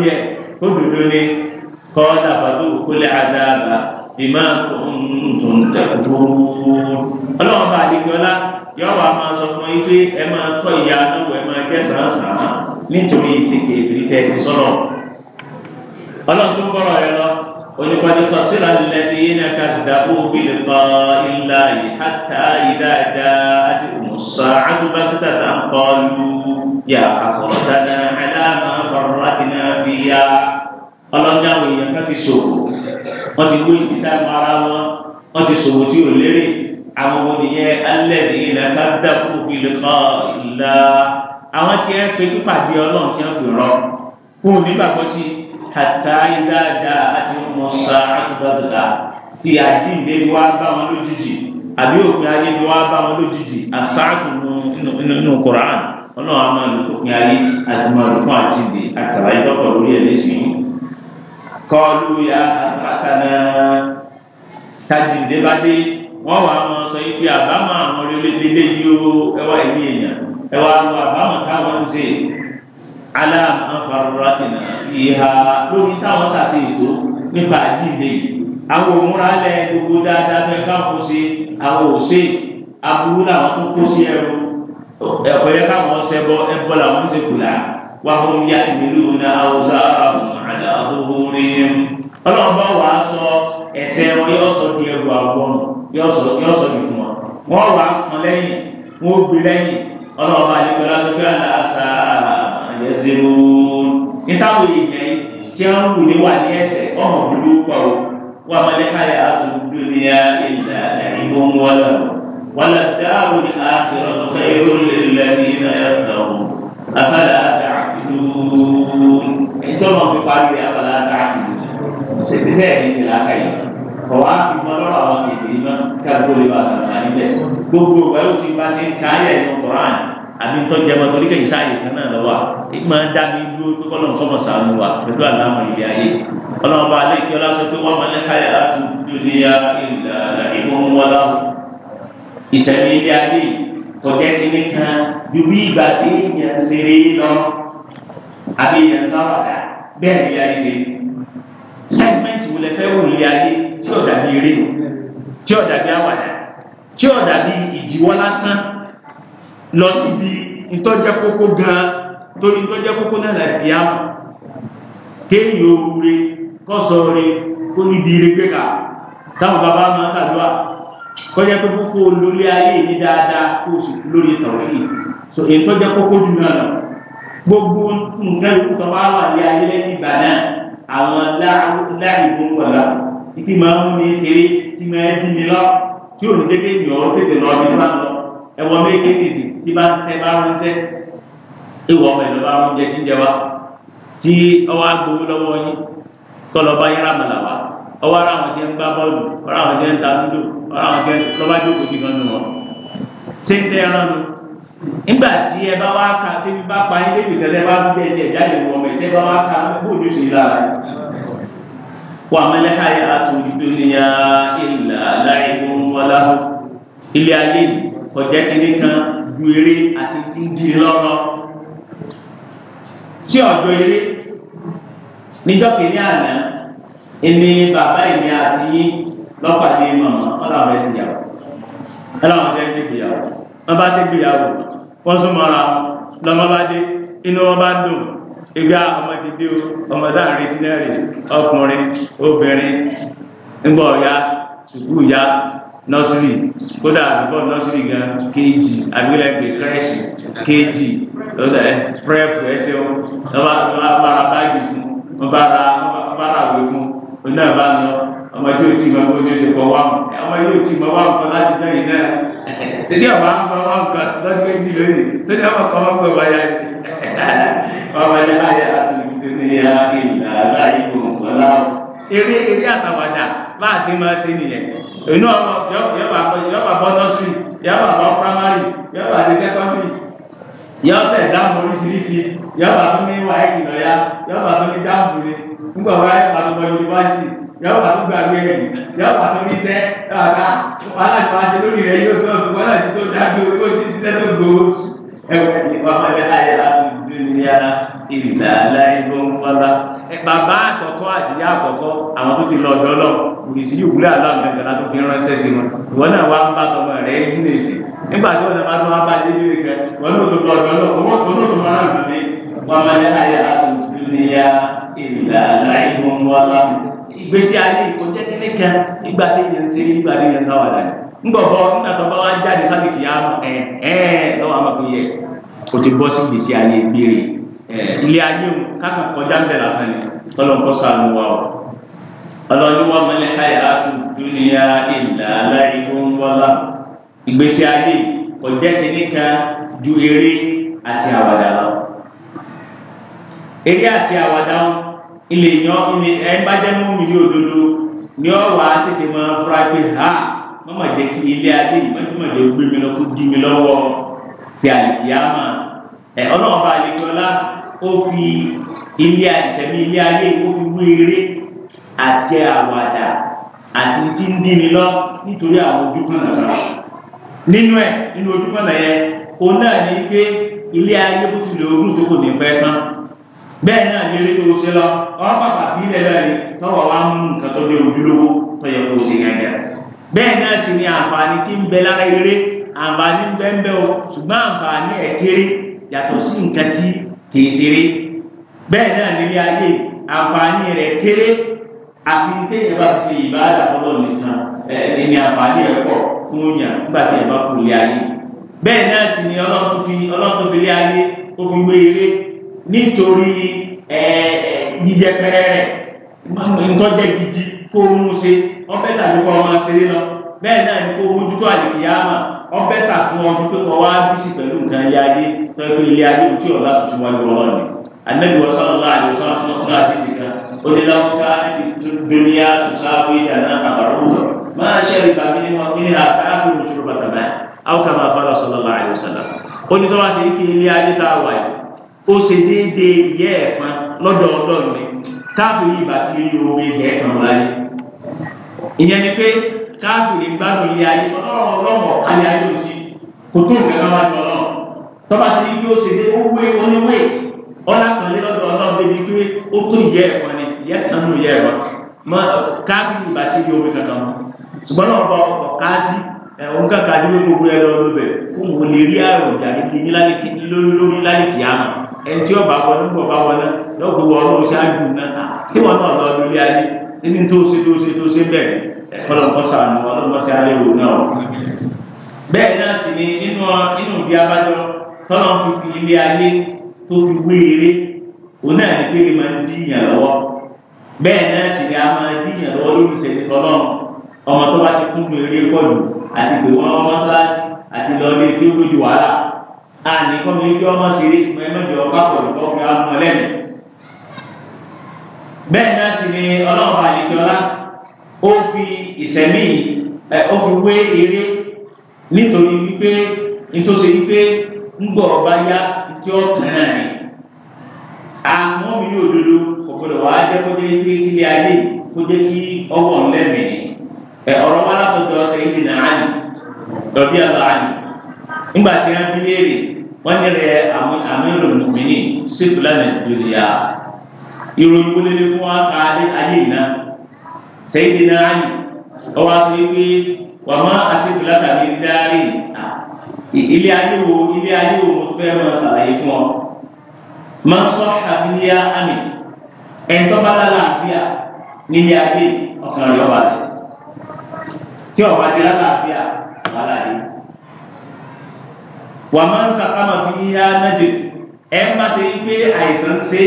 fi tó òdodo ní kọọdà bímá tuntun tẹ̀kọ́ ọlọ́run bá adigunla yọ wà máa sọ fún yín pé ẹ máa tọ́ ìyá àdúgbò ẹ máa jẹ́ sàǹsàn nítorí ìsìnkè ìbílítẹ̀ ẹ̀sìn sọ́nà ọlọ́run tó ń bọ̀rọ̀ rẹ lọ onípàdé sọ̀sílà lẹ́ni iná ká dàbò bílẹ̀ kọ́ ilá yìí hátà ìdáadá àti òmùsà àdúgbàkítà tá ń kọ́ lu yà àsọ̀rọ̀ dáná aláàmà bọ̀rọ̀ láti náà bí yá ọlọ́run dáhùn ìyẹn ká ti ṣòfò wọ́n ti wé sí táwọn ara wọn wọ́n ti sòwò tí ò lérè àwọn ọmọ nìyẹn alẹ́ ní ilẹ̀ káńtà fún ìpìlẹ̀ kan ìlà àwọn tí ẹ pé pípàdé ọlọ́run tí wọ́n fi rọ fún nígbàgbọ́ sí kàtà ìdáadáa àti mọ̀ọ́sá àtúbọ̀dọ̀dà ti àdínlé wá bá wọn lójijì àbí òpin ayé ni wá bá wọn lójijì àsáàkù nínú Kùránì ọlọ́run a máa òpin ayé àti máa fún àjíǹde àtàlàyé lọ́pọ̀ lórí ẹ̀ lẹ́sìn yìí kọlu ya àtàtàna tajì débàdé wọn wà mọ sọ yìí pé àbámọ̀ àwọn orílẹ̀-èdè yìí ó ẹwà ìní èèyàn ẹwà àwọn àbámọ̀ táwọn ń ṣe aláàmọ̀fàrọ̀rọ̀tìnà ìhà lórí táwọn ṣàṣe ètò nípa àjíǹde àwọn òmúralẹ̀ gbogbo dáadáa fẹ́ káwọn ṣe àwọn òṣè aburú làwọn tó kó sí ẹrù ẹ̀kọ́ yẹ káwọn ṣẹbọ ẹbọ làwọn ń ṣe kùlà. وهم يحملون أوزارهم على ظهورهم ọlọ́run bá wàá sọ ẹsẹ̀ wọn yóò sọ di ẹrù àwọn yóò sọ di fún wọn wọn wàá pọn lẹ́yìn wọn ó gbé lẹ́yìn ọlọ́run bá nípa lọ́sọ pé àlàáfà àyẹ̀sẹ̀rò nítawọ̀ èèyàn tí wọ́n wù ní wà ní ẹsẹ̀ ọmọ òdúró pọ̀ o wà mọ́lẹ́ká yà á tún dúró ní ìlà ìbò ń wọlé wọlé dáhùn ní àkìrọ̀ tó fẹ́ irú lè lẹ́yìn náà yàtọ̀ àfẹ́lẹ́ àdàkù àkìlún ẹjọ́ náà fi parí rẹ̀ abala ta àkìlún ṣètì bẹ́ẹ̀ ní ìṣẹ̀lẹ̀ aka yìí ọ̀wá fi mọ lọ́rọ̀ àwọn kèké yìí máa kí àgbo lè ba sàmìlà níbẹ̀ gbogbo ìgbà kan náà lọ́wọ́ ìgbà ń dábí dúró pé kọ́lọ̀ sọ́mọ̀ sàánú wa pẹ̀lú àlámọ̀ ilé ayé ọlọ́run bá alẹ́ ìkẹ́ ọlọ́sọ pé wọ́n mọ̀lẹ́ káyà láti dúnìyà ìlànà ìmọ̀mọ́lá ìṣẹ̀lẹ̀ ilé ayé kọjá kíní kan ju bí ìgbà tí èèyàn ṣeré lọ àbí èèyàn sábà dá bẹ́ẹ̀ ni yára ṣe sẹ́gmẹ́ǹtì wo lẹ fẹ́ wò lórí ayé tí ó dàbí eré tí ó dàbí àwàdà tí ó dàbí ìdíwọ́ lásán lọ síbi ìtọ́jẹ́ kókó gan-an torí ìtọ́jẹ́ kókó náà là bí àwọn kéèyàn oore kọ́sọ̀ọ́re kó níbi ire gbé táwọn bàbá máa ṣàdúrà kọjá kókó lórí ayé ní dáadáa kó sì lórí ìtàwé yìí so èyí tọ́jẹ́ kókó jù náà lọ gbogbo nǹkan yòókù tó wá wà ní ayé lẹ́yìn ìgbà náà àwọn láìbò wà lọ ìtì máa ń mi ṣeré tí máa ń mi lọ tí ò ní dédé yàn ó tètè lọ bí wọn lọ ẹwọ méje tèsì tí bá tẹ bá ń ṣe ìwọ ọmọ ìlú bá ń jẹ jíjẹ wa tí ọwọ́ agbowó lọ́wọ́ yín kọ lọ bá yíra màlà wa ọwọ́ ara wọn ṣe ń gbá bọ́ọ̀lù ọ̀rọ̀ àwọn ṣe ń ta dúdú ọ̀rọ̀ àwọn ṣe ń nígbà tí ẹ bá wá ka bébí bá pa yín bébí kẹlẹ bá bí bẹ́ẹ̀ díẹ̀ jáde wọ ọmọ ẹ̀jẹ̀ bá wá ka bóòdù sí lára yìí. wà á mẹ́lẹ́ ká yà á tó ní ya ilà aláìkú wọlá ilé ayé ọ̀jẹ̀ kìíní kan ju eré àti dídì lọ́rọ̀ tí ọ̀dọ̀ eré níjọ́ kìíní àná ẹni bàbá ìní àti yín lọ́pàdé mọ̀mọ́ ọlọ́run ẹ̀ ti yàwó ọlọ́run ẹ̀ ti gbìyàwó wọ́n bá ti gbìyàwó wọ́n sún mọ́ra lọ́mọbádé inú wọn bá dùn ìgbà ọmọdé dé o ọmọdé àrètí náà rè ọkùnrin obìnrin ńgbọ ọ̀yá sùkúù ya nọ́sírì kódà àdúgbò nọ́sírì gan kéèjì àgbélẹ̀gbẹ̀ kírẹ́ṣì kéèjì pírẹ́pù ẹsẹ̀ o lọ́ba lọ́ba bára báyìí fún wọn bára wọn bára àwẹ̀ fún onídàbà lọ ọmọdé ò tí ì mọ bó ṣe ṣe kọ wá mọ ọmọdé ò tí ì mọ wá mọ láti dẹ́yìn náà tẹ̀lé ọ̀bá ọba ọkọ̀ lọ́dún méjì lónìí tẹ̀lé ọba ọkọ̀ ọgbẹ̀ wáyà ọba ní láyé àtúntò ní ìlà láyé òǹkọ̀lá. eré eré àtàwàdà láti máa ṣe nìyẹn inú ọmọ yọba bọ́ nọ́ọ̀sì yọba bọ́ pírámàrì yọba ní sẹ́kọ́ndì yọba ẹ̀dáhùn oríṣiríṣi yọba tó ní wáyé ìlọ́yà yọba tó ní dáhùn ní nígbà wáyé pàtó yàwó àti gbàgbé rẹ̀ yàwó àti oníṣẹ́ dáadáa wàhálà ìfàṣẹ lórí rẹ̀ yóò tó dájú ó ti ṣiṣẹ́ tó gbowó sí ẹ̀wọ̀n ní wàhálà ní ayé láti dúdú ní ara ìlà aláìlọ́ ńlá. bàbá àkọ́kọ́ àtìyá àkọ́kọ́ àwọn tó ti lọ ọ̀dọ́ lọ òrìṣì yóò wúlò àlọ́ àgbẹ̀ kan látó fi ránṣẹ́ sí wọn ìwọ náà wá ń bá tọmọ rẹ̀ ẹ́ sílẹ̀ sí nígbà tí wọn bá tó wá bá débi rẹ kan wọn ló tó lọ ọ̀dọ́ lọ wọn tó lọ tó máa ń dùn ní wọn máa ní ayé láti dúdú ní ara ìlà aláìlọ́ ńlá. ìgbésí ayé ìkọjẹ́ kíní kan ìgbà tí yẹn ń ṣe ìgbà tí yẹn ń sáwàdà yìí ńgbọ̀bọ̀ nígbà tó bá wá jáde sábì kìí àmọ́ ẹ̀ ẹ̀ lọ́wọ́ àmọ́ pé yẹ o ti bọ́ sí gbèsè ayé gbére ilé ayé kákan kọjá ń bẹ̀ lásán ni tọ́lọ́ nǹkan sànù wa o ọlọ́dún wa mọ́lẹ́ káyà láti dúnìyà ìlà aláìwọ́ ńwọ́lá ìgbésí ayé kọjá kìíníkà ju eré àti àwàdà lọ eré àti àwàdà ilé yan ilé ẹ bá jẹ́ mú mi ní òdodo ni ọ wà á tètè máa fura ha mọ́mọ́ jẹ́ kí ilé adé yìí mọ́tò jẹ́ gbé mi lọ kó di mi lọ́wọ́ ti àlìkíyàmà ẹ̀ ọlọ́run bá àlejòlá ó fi ilé ìṣẹ̀mí ilé ayé ó fi wú eré àti àwàdà àti tí ń dín mi lọ nítorí àwọn ojúkànnà kan nínú ẹ̀ nínú ojúkànnà yẹn òun náà ní pé ilé ayé bó ti lè ogún tó kò ní pẹ́ tán bẹ́ẹ̀ náà ní eré tó ṣe lọ ọ̀rọ̀ pàtàkì ilẹ̀ náà tọ́wọ́ wa ń mú nǹkan tó dé ojúlówó tó kó o ṣe gàgà bẹ́ẹ̀ náà sì ni àǹfààní tí ń bẹ lára eré àǹfààní ń bẹ ń bẹ o ṣùgbọ́n àǹfààní ẹ̀ kéré yàtọ̀ sí nǹkan tí kìí ṣeré bẹ́ẹ̀ náà nílé ayé àǹfààní rẹ̀ kéré àfi téèyàn bá ti ṣe ìbáàdà fọlọ́ ní àǹfààní ẹ̀ fún òyìn ni ọlọ́run fi ọlọ́run fi lé ayé ó fi gbé eré nítorí jíjẹ pẹrẹ rẹ̀ ntọ́jẹ́ gidi kó o mú ṣe wọ́n bẹ́ tà nípa ọmọ ṣeré lọ bẹ́ẹ̀ náà ní kó mójútó àlìkìyàmà wọ́n bẹ́ tà fún ọdún pé kọ́ wá bí sí pẹ̀lú nǹkan ilé ayé tó ẹ pé ilé ayé ojú ọ̀la tuntun wọn lọ lọ́ọ̀ni anabi wa sọlá àti wa sọlá fún ọkùnrin àti ìsìnká ó ní lọ́kùnká dúnìyà tùsáwé ìdáná àbárò máa ṣe ìgbà mi nínú ọkùnrin ní àkáàkùn òṣèlú bàtà náà àwọn kàmá fọlá sọlá àti wa sọlá ó ní tó wá sí ike ilé ayé tá a wà yìí ó ṣe déédéé ìyẹ́ ẹ̀fọn lọ́dọ̀ ọlọ́run ni káàkiri ìbàtí omi ìyẹn ni pé káàkiri gbádùn ilé ayé ọlọ́run ọlọ́run alẹ́ ayé òsì kò tó nǹkan bá wà ní ọlọ́run tọ́ba ti rí yóò ṣe dé ó wé oní wéètì ọ̀là kan ní lọ́dọ̀ ọlọ́run débi pé ó tún yẹ ẹ̀kọ́ ni yẹ kan nù yẹ ẹ̀rọ káàkiri ìgbà tí yóò wé kankan ṣùgbọ́n náà bọ ọkọ̀ káàsì òun kankan ní gbogbo ẹ lọ́dún bẹ̀ kó wò lè rí àrùn ìdàgbé lórí lálẹ́kì àmà ẹni tí ọba wọlé ń bọ̀ bá wọlé lọ́gbọ̀ wọ nínú tó ṣe tó ṣe tó ṣe bẹ́ẹ̀ ọlọ́mọṣà ni ọlọ́mọṣà aléwò náà bẹ́ẹ̀ náà sì ni nínú nínú bí abájọ tọ́lọ́ fi fi ilé ayé tó fi wé eré òun náà ní pé lè máa ń díyàn lọ́wọ́ bẹ́ẹ̀ náà sì ni a máa díyàn lọ́wọ́ lórí tẹ̀lé tọ́lọ́ ọmọ tó bá ti kún fún eré pọ̀jù àti pé wọ́n mọ́ṣáláṣí àti lọ́ọ́lé tí ó lójú wàhálà àní kọ́mi ẹjọ́ ọmọ ṣeré ṣùgbọ́n ẹ mẹ́jọ bẹ́ẹ̀ náà sì ni ọlọ́ọ̀bà àdìjọ́lá ó fi ìsẹ̀mí ó fi wé eré nítorí wípé nítòsí wípé ńgbọ̀ ọba yá tí ó kàn náà ni mi yóò dodo kò gbọdọ̀ jẹ́ kó jẹ́ kí ilé ayé kó jẹ́ kí ọwọ́ ńlẹ́mìí ọ̀rọ̀ wọn ṣe dènà lọ́bí àlọ́ ìròyìn wọlé ní fún wa ká ayé ìná sẹ́yìn ní náà yìí ọwọ́ àti wípé wà má àṣepìlá tàbí dáárì ilé ayé wo ilé ayé wo mo fẹ́ máa ṣàlàyé fún ọ máa ń sọ àfihàn àmì ẹ̀ńtọ́ bá lára àfíà nílé ayé ọ̀kan rẹ̀ ọba rẹ̀ tí ọba dé lára wà láàyè wà máa ń fi yá náà ẹ̀ ń bá ṣe wípé àìsàn ṣe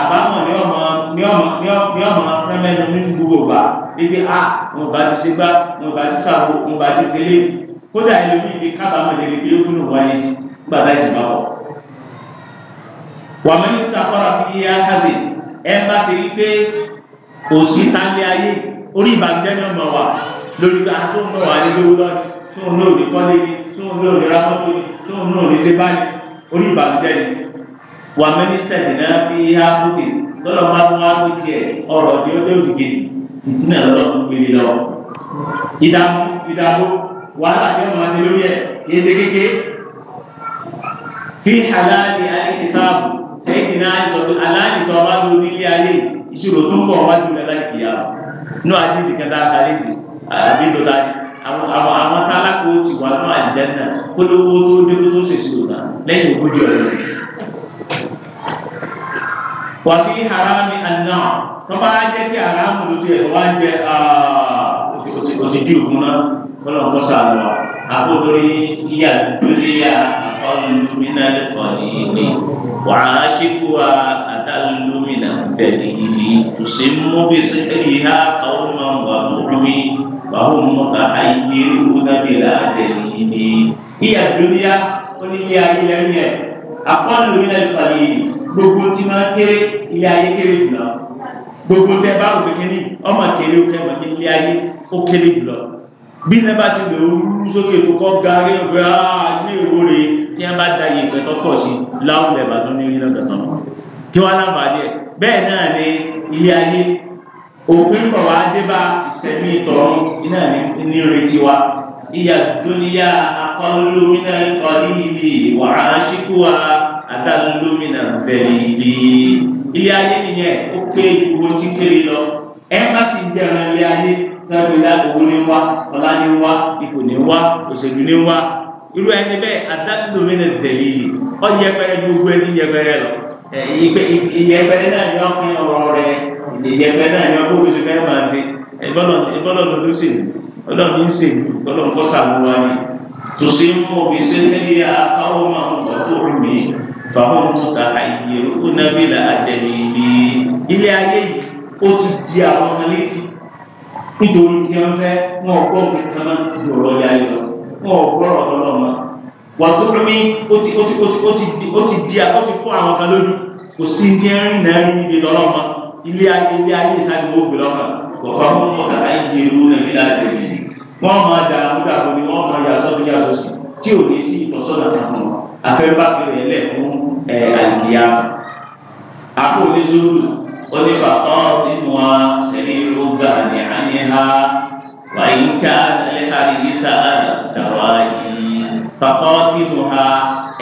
àbámọ̀ ní ọmọ ní ọmọ ní ọmọ rẹ́mẹ́nu nínú gbogbo gbà wípé a mo bá ti ṣe gbá mo bá ti ṣàwò mo bá ti ṣe lé kódà ẹlòmíì ní kábàámọ̀ lè fi yókù nù wáyé nígbà tá ìsìn bá wọ̀. wàmí níta kọ́ra fi yé ákàdé ẹ bá ti rí pé kò sí tálẹ́ ayé orí ìbàjẹ́ ní ọmọ wa lórí pé a tó ń lọ wà ní lówó lọ́dún tó ń lò ní kọ́lé ní tó ń lò ní rámọ́tò ní tó ń lò ní wà mínísítẹ̀tì náà fi há fúkì lọ́dọ̀ máa tún wá fúkì ẹ̀ ọ̀rọ̀ ni ó lé òkè ìtúnà lọ́dọ̀ tó gbélé lọ. ìdààmú ìdààmú wàhálà tí wọ́n máa ṣe lórí ẹ̀ kì í ṣe kéke. fi halali alẹ́kì sáàbù sẹ́yìn náà ìtọ́jú aláàjì tó wá lórí nílé ayé ìṣòro tó ń bọ̀ wá sí ìlẹ̀ láti kìyà. inú àti ìṣìkan tá a ta létí àbí tó ta àwọn àwọn tálákò ti wà ní àjẹjẹ náà kó lówó tó dé tó tó ṣèṣirò náà lẹ́yìn wà fi harami àná tọ́ba jẹ́ kí haramu ló ti ẹ̀ wá jẹ́ òtítì òkun náà wọ́n lọ́n kọ́ sàánú wa àbúrò yíyá dúlíyà ọ̀lùmínà lẹ́kọ̀ọ́ ní ìwé wà á ṣíkú wa àtàlùmínà bẹ̀rẹ̀ ìlú kùsì mú bí sẹ́kẹ̀rì ha àwọn ọmọ wà lórí wàhùn mọ́ta àyè ìwúdàbílà àtẹ̀lẹ̀ ìlú yíyá dúlíyà ó ní ilé ayé lẹ́yìn ẹ̀ àpọ́nlùmínà lẹ́kọ̀ọ́ gbogbo tí máa kéré ilé ayé kéré jùlọ gbogbo tẹ bá òkè kínní ọmọ kéré òkè ọmọ kéré ilé ayé ó kéré jùlọ bí ní bá ti lè rú sókè tó kọ́ garí ọ̀gbẹ́ ní ìwò rẹ̀ tí wọ́n bá da yìí pẹ̀tọ́ pọ̀ sí láwùjọ ìbàdàn ní orílẹ̀ ọ̀gbẹ̀tàn kí wọ́n láǹfààní ẹ̀ bẹ́ẹ̀ náà ni ilé ayé òpin pọ̀wá débà ìsẹ̀mí ìtọ̀run iná ní ìrètí wa ìyà dúníyà akọ́lómìnà ìkọ́lí ibi wàhálà ṣíkú wa àtàlùmínà bẹ̀rẹ̀ ìdí ilé ayé nìyẹn ó pé owó tí kéré lọ ẹ́fàsì jẹ́ran ilé ayé sábẹ́lá owó ní wá ọlá ní wá ipò ní wá òṣèlú ní wá irú ẹni bẹ́ẹ̀ àtàlùmínà bẹ̀rẹ̀ ìdí ọ yẹpẹrẹ gbogbo ẹni yẹpẹrẹ lọ ìyẹpẹrẹ náà ni wọn pín ọ̀rọ̀ rẹ ìyẹpẹrẹ náà ni wọn kó oṣù fẹẹ máa ṣe ìbọlọ ló ló ṣèlú Ọlọ́run ní ṣèlú Ọlọ́run kọsà ló wáyé tòṣe ń mọ òbí ṣe ń tẹlé àwọn ọmọ àwọn ọmọ tó rìn mí fàwọn òtútà àyè ònàbílà àtẹnìlì ilé ayé yìí ó ti di àwọn ọmọ létí nítorí tí wọn fẹ́ wọn ò gbọ́ kankan náà lọrọ ya yọ wọn ò gbọrọ ọlọmọ wàtúrúmi ó ti ó ti ó ti ó ti di ó ti di ó ti fún àwọn kan lójú kò sí ní ẹrin náà rí ibi lọlọmọ ilé ayé ilé ayé ìsáyé wọn ò gbé lọmọ kọfà wọn kọ kàkà ìdí èrú ònàbílà àtẹnìlì wọn máa dààmú dààmú ni wọn máa yà sọ́dún yà sọ́sì tí ò ní sí ìtọ́sọ́nà kan wọn afẹ́fà fèrè lẹ̀ fún ẹ̀ àlìkìyà àpò oníṣòwò onífàkọ́ nínú wa sẹ́ni ló gbà ní àníhà wàyí ká lẹ́ka ìyísà àdàwà yìí fàkọ́ nínú ha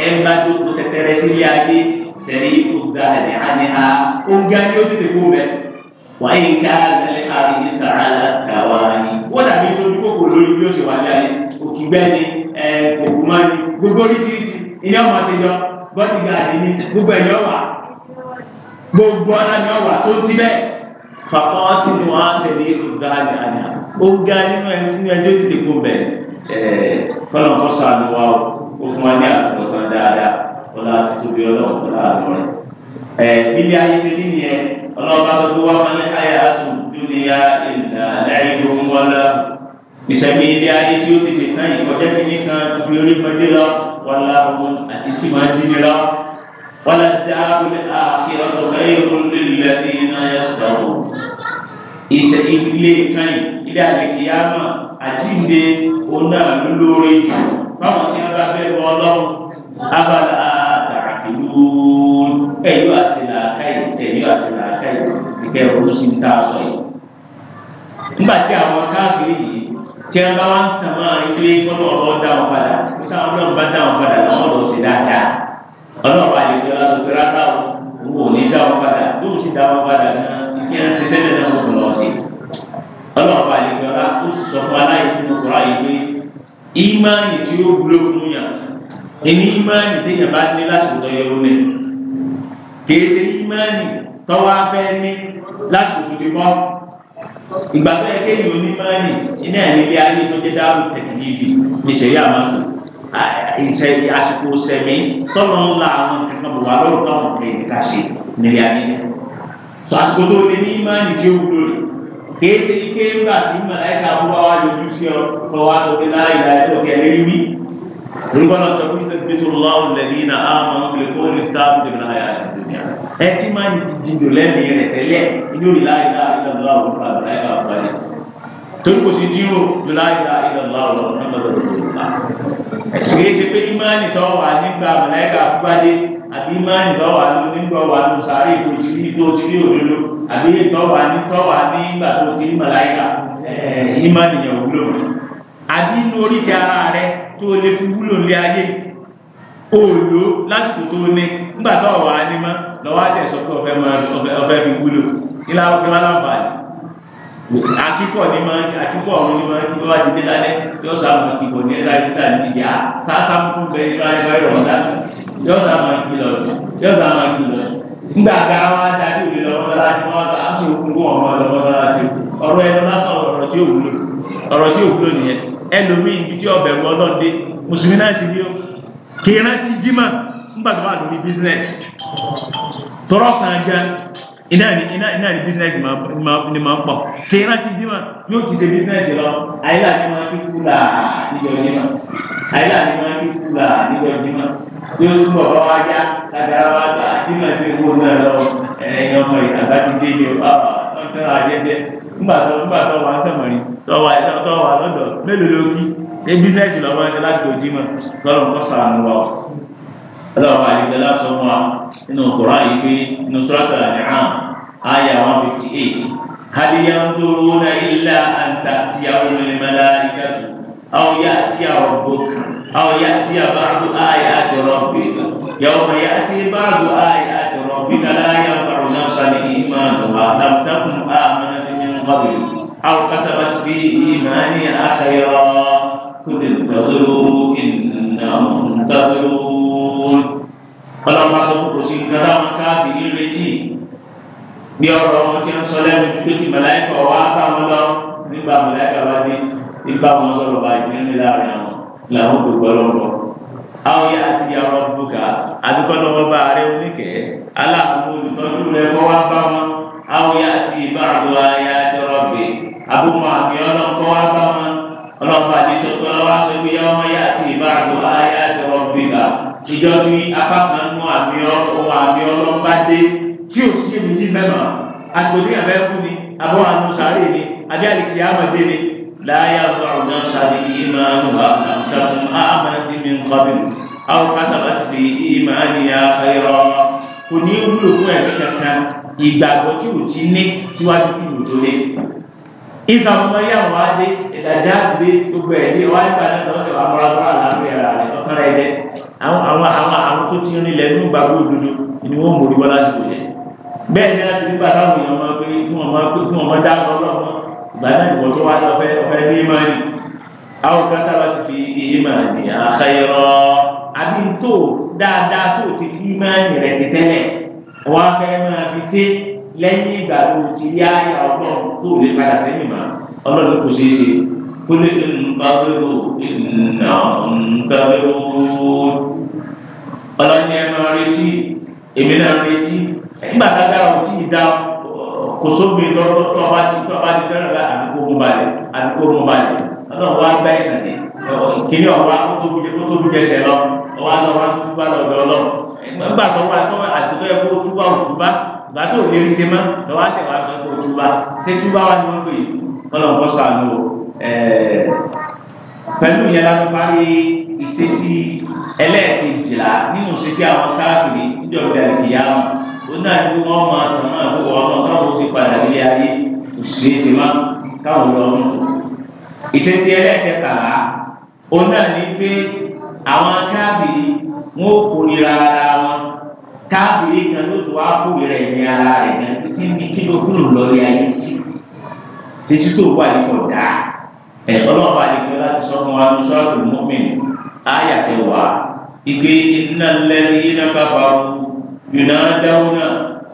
ẹ̀ ń bá jókòó tẹ́tẹ́rẹ́ sílé ayé sẹ́ni ló gbà ní àníhà ó ń gá ní ó tètè mẹ́ wàyí ká lẹ́ka ìyísà àdàwà yìí wọ́n dàbí sójú kòkòrò lórí bí ó ṣe wà ní ayé òkìgbẹ́ni ẹ̀ kòkòmọ́ni gbogbo oríṣiríṣi ìyá ọmọ ti yọ bọ́tì gàdí ni gbogbo ẹ̀yọ́ wà gbogbo ọ̀la ni ọ̀wà tó ti bẹ́ẹ̀ pàpọ̀ ti ní wọ́n á ṣe ní ìgbàlẹ̀ àná ó ga nínú ẹjọ́ ti dìbò bẹ̀ kọ́nà kó sàánú wa ó fún wa ní àtúntò kan dáadáa ọ̀la ti tóbi ọlọ́run ọ̀la àlọ́ rẹ̀ ilé ayé ṣe ní nìyẹn ọlọ́ba tó wá wọn ní ayé àtún dúnìyà ìlà aláìlú wọn lọ ìṣẹ̀mí ilé ayé tí ó ti dìkan ìkọjá kìíní kan fi orí kọjá lọ wàlá ọdún àti tí máa dín nira wàlá dáhùn àkìrọ̀ tó kẹ́yìn olórí lẹ́ni náà yẹ dọ̀wọ́. ìṣe ilé kan ilé àdìkìyàmà àjíǹde òun náà ló lórí jù fáwọn tí wọn bá fẹ́ bọ ọlọ́run abala àtàkìlú ẹ̀yọ́ àti làákàyè ẹ̀yọ́ àti làákàyè ìkẹ́ ọdún sí ń tà sọ yìí. nígbà tí àwọn káàkiri yìí tí wọn bá wá ń tàn máa ń gbé kọ́nà ọ̀rọ̀ dá wọn padà táwọn ọlọ́run bá dáhùn padà lọ́wọ́ lòún ṣe dáadáa ọlọ́run bá lè jọ lọ́sọ̀ pé rárá o òun ò ní dáhùn padà lóun sì dáhùn padà náà kí ẹ ṣe tẹ́lẹ̀ náà wọ́n tó lọ sí ọlọ́run bá lè jọ rá ó sì sọ fún aláìsí tó kọ́ra yìí pé ìmáàyè tí ó gbúlò fún yàn ẹni ìmáàyè tí yàn bá ní lásìkò yẹ ó lẹ̀ kìí ṣe ìmáàyè ní lásìkò ti kọ́ ìgbàgbọ́ yẹ kéèyàn onímáàyè iná ẹ̀ nílé ayé tó jẹ́ dáhùn tẹ̀kìlì ní ìṣẹ̀yà máa tó ìsẹ̀mí àsìkò sẹ̀mí tọ́nà ń la àwọn nǹkan kan bò wá lọ́rùn náà kò lè ká sí nílé ayé rẹ̀. sọ àsìkò tó lé ní ìmáàlì tí ó wúlò rẹ̀ kìí ṣe ike ńgbà tí mọ̀láìka búwa wá lójú sí ọ kọ́ wá sọ pé láì láì tó kẹ́ lé wí. olùkọ́ni ọ̀tọ̀ fún ìṣẹ́ pé tó lọ́wọ́ lẹ́ni iná àmọ́ lè kó lè sá torí kò sí dírò láìla ìlàlá ọ̀rọ̀ ọ̀nàmọ̀lẹ̀ òkúta. ẹ̀sìn kìí ṣe pé ìmáàní tó wà nígbà mọ̀lẹ́gà fúgbádé àbí ìmáàní tó wà ní nígbà wà ní sàárè tó ti rí tó ti rí òdodo àbí tó wà ní tó wà ní ìgbà tó ti rí mọ̀láìkà eh, ìmáàní yẹn wúlò. àbí inú oríkì ara rẹ tó lè fi wúlò lé ayé òòlò lásìkò tó ní nígbà tó wà ní mọ́ lọ́wọ́ àtẹ̀sọ́ pé ọ̀fẹ́ fi wúlò ilá ọ̀fẹ́ wà láǹfààní akíkọ̀ ní máa akíkọ̀ ọ̀run ní máa kíkọ̀ wájú dé lálẹ́ yóò sàmù kíkọ̀ ní ẹ̀dá ìta ìdíje á sàásàmù fún bẹ́ẹ̀ ní wáyé wáyé ọ̀dà yóò sàmù kílọ̀ yóò sàmù kílọ̀ ńgbà ga wa dájú ìlú lọ́wọ́ sọ́láṣí wọn kà á sì òkun fún ọ̀rọ̀ lọ́wọ́ sọ́láṣí ọ̀rọ̀ ẹnu lásán ọ̀rọ̀ tí òwúlò ọ̀rọ̀ tí òwúlò nìyẹn ẹlòmíì ibi tí ọbẹ̀ wọn náà dé mùsùlùmí náà sì bí ó kìí rántí dímà ńgbà tó wà lórí bísínẹ́sì tọrọ sàn jẹun Ina ní ina ina ní business ni máa ń pọ̀ kéèrà ti jí máa yo ti ṣe business lọ àyílà ni máa fi kú là níjọ jí máa àyílà ni máa fi kú là níjọ jí máa yóò tún bọ̀ bá wá yá kàdàrà wá gbà tí màá ṣe kó náà lọ ẹ̀yìn ọmọ ìtàgbà ti dé ní ọ̀pá ọ̀tọ́ àjẹjẹ ńgbàtọ́ ńgbàtọ́ wà ń sọ̀mọ̀rì tọ́wà tọ́wà lọ́dọ̀ mélòó ló kí ní business lọ́wọ́ ṣe láti òjì máa lọ́rùn kọ́sàn-án lọ́wọ́ ọlọ́run àyíkẹ́ láti fún wa nínú kura yìí pé nínú sọ́ràtà àdìhàn àyà one fifty eight hadiya ń dúró náà ilá àǹtà tí a wọlé ní mẹ́lá ìka tó àwọn yá àti àwọn bókà àwọn yá àti àbáàdù àyà àti rọ̀bì yàwùmọ̀ yá àti báàdù àyà àti rọ̀bì kàlá yà ń náà sani ìmọ̀ àdùnmá làbùtàkùn àmàlẹ́ ní mọ́bìlì àwọn kásábàtì bíi ìmọ̀ àní àṣàyọ̀. قل انتظروا إنا منتظرون ọlọ́run bá sọ fún kò sí nǹkan táwọn káàkiri retí bí ọ̀rọ̀ wọn ti ń sọ lẹ́nu pé kí màláìkà wá báwọn lọ nígbà màláìkà wá dé nígbà wọn sọ̀rọ̀ bá ìdílé ní láàrin àwọn làwọn tó gbọ́ lọ́wọ́. àwọn yà á ti yà wọn bùkà àdúgbò lọ́wọ́ bá ààrẹ oníkẹ́ aláàbò olùtọ́jú rẹ̀ kọ́ wá bá ọlọ́ọ̀bá àdìtò tọ́lọ́wá sọ pé yá ọmọ yá àti ìbáàdó ayé àti rọ́bìlà ìjọ tí apá kan nú àmì ọ̀rọ̀ àmì ọlọ́ọ̀bá dé tí ò sí èmi jí mẹ́mà àtòlí àbẹ́kú ni àbọ̀ àánú sáré ni àbí àdìkì àmọ̀dé ni láyé àbọ̀ ọ̀dọ́ sáré yìí máa ń wà àtàkùn àmọ̀dé mi ń kọ́bí àwọn kásábà ti fi ìfà ọmọ yà wá dé ìdájà gbé gbogbo ẹ̀ dé wá nípa náà lọ́sẹ̀ wà mọ́rakọ́rọ́ àlàáfíà ẹ̀rà rẹ̀ ọ̀kọ́rẹ́ ẹ̀dẹ́ àwọn àwọn àwọn tó ti rìn lẹ̀ nínú gbàgbọ́ òdodo ni wọ́n mórí wọn lásìkò yẹn bẹ́ẹ̀ ni a sì nígbà táwọn èèyàn máa pé kí wọ́n máa pé kí wọ́n máa dáhùn ọlọ́mọ ìgbà náà ìwọ tó wá lọ́fẹ́ ọ̀fẹ́ ní ìmọ̀ ni àwọn kan sábà ti fi iye máa ní àkàyọrọ àbí tó dáadáa tó ti fi ìmọ̀ rẹ̀ ti tẹ́lẹ̀ wọ́n á fẹ́ máa fi ṣe é lẹ́yìn ìgbà tó o ti rí àyà ọlọ́run tó o lè padà sẹ́yìn mọ́ ọlọ́run kò ṣeé ṣe kó lè nǹkanwérò nǹkanwérò ọlọ́run yẹn máa retí èmi náà retí nígbà tá a dá o tí ì dá kò sóbi tọ́tọ́ tó ọba ti tó ọba ti fẹ́ràn lá àdúgbò mú balẹ̀ àdúgbò mú balẹ̀ ọlọ́run wá gbá ẹ̀sìn ní kíní ọ̀wá tó tóbi jẹsẹ̀ lọ ọwá lọ́wọ́ tó bá lọ́dọ̀ ìgbà tó lè ṣe mọ́ lọ́wọ́ àtẹ̀wá sọ pé òtúbá ṣé túbá wá ni wọ́n pè kọ́lọ̀ bọ́ sànù pẹ̀lú ìyẹn la parí ìṣesí ẹlẹ́ẹ̀kejìlá nínú ìṣesí àwọn káàkiri níjọba ìkìyà wọn ó náà ní wọn máa tàn náà ló wọ ọmọ káwọn ti padà sí ayé òṣìṣẹ́ má káwọn lọ mú ìṣesí ẹlẹ́ẹ̀kẹtàlá ó náà ní pé àwọn káàkiri wọn ò kórìíra ara wọn káàkiri kan ló tó wá kó rẹ̀ ní ara rẹ̀ náà kí ni kí ló kúrò lọ́rí ayé sí títí tó wà ní ọ̀dà ẹ̀sọ́ náà wà nípa láti sọ fún wa ní sọ́ọ̀tù mọ́mìn ayà kẹwàá ìgbé iná lẹ́rí iná kábàárù yùnà dáhùn náà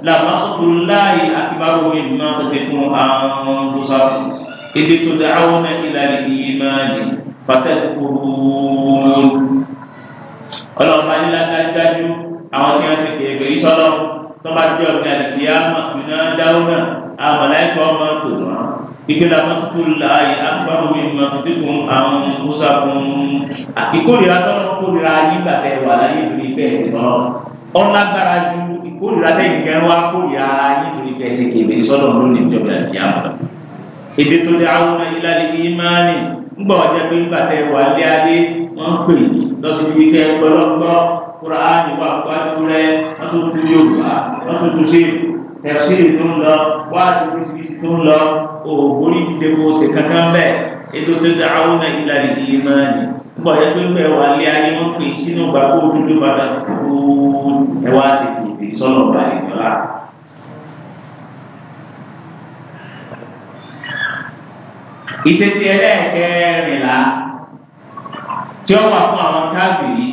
làmásùkú láàyè akíbárò mi máa tètè fún àwọn bùsàkù ebi tó dáhùn náà ìlànà ìyìmáàlì pàtẹ́kùrù ọlọ́ọ̀bá nílá dájú àwọn tí wọ́n ti pè é pé ìsọ́lọ́ tó bá jẹ́ ọ̀gbìn àdìgí àmọ̀nà dáwọ́ náà àmọ̀láìkọ́ ọmọ tó lọ́ ìgbéra mọ́tòkò láàyè agbábọ̀ mi mọ̀ tó dínkù àwọn mọ́sá fún un. ìkórìíra tó ń kórìíra nígbà tẹ wà láyé ìdúrí bẹ́ẹ̀ sí lọ. ọ̀nàgbára ju ìkórìíra lẹ́yìn kẹrin wá kórìíra nítorí bẹ́ẹ̀ sí kébé sọ́dọ̀ lónìí ìjọba ìdí àmọ́. èdè tó lé àwọn ìlànà ìmáàní ń gbọ́ ọ̀jẹ̀ pé nígbà tẹ wà lé adé wọ́n pè lọ́sibí kuraani wà gbájú rẹ wọn tó tu yorùbá wọn tó tu ṣe tẹfsiri tó ń lọ wáàsí bisikísì tó ń lọ òògùn ní ìdìbò ṣe kankan bẹ́ẹ̀ ètò tó dá àwọn náà ìlànà ìlú máa ní nígbà yẹn tó ń bẹ wà lé ayé wọn pè sínú gbàgbó tí ó wà fún àwọn káàbìrì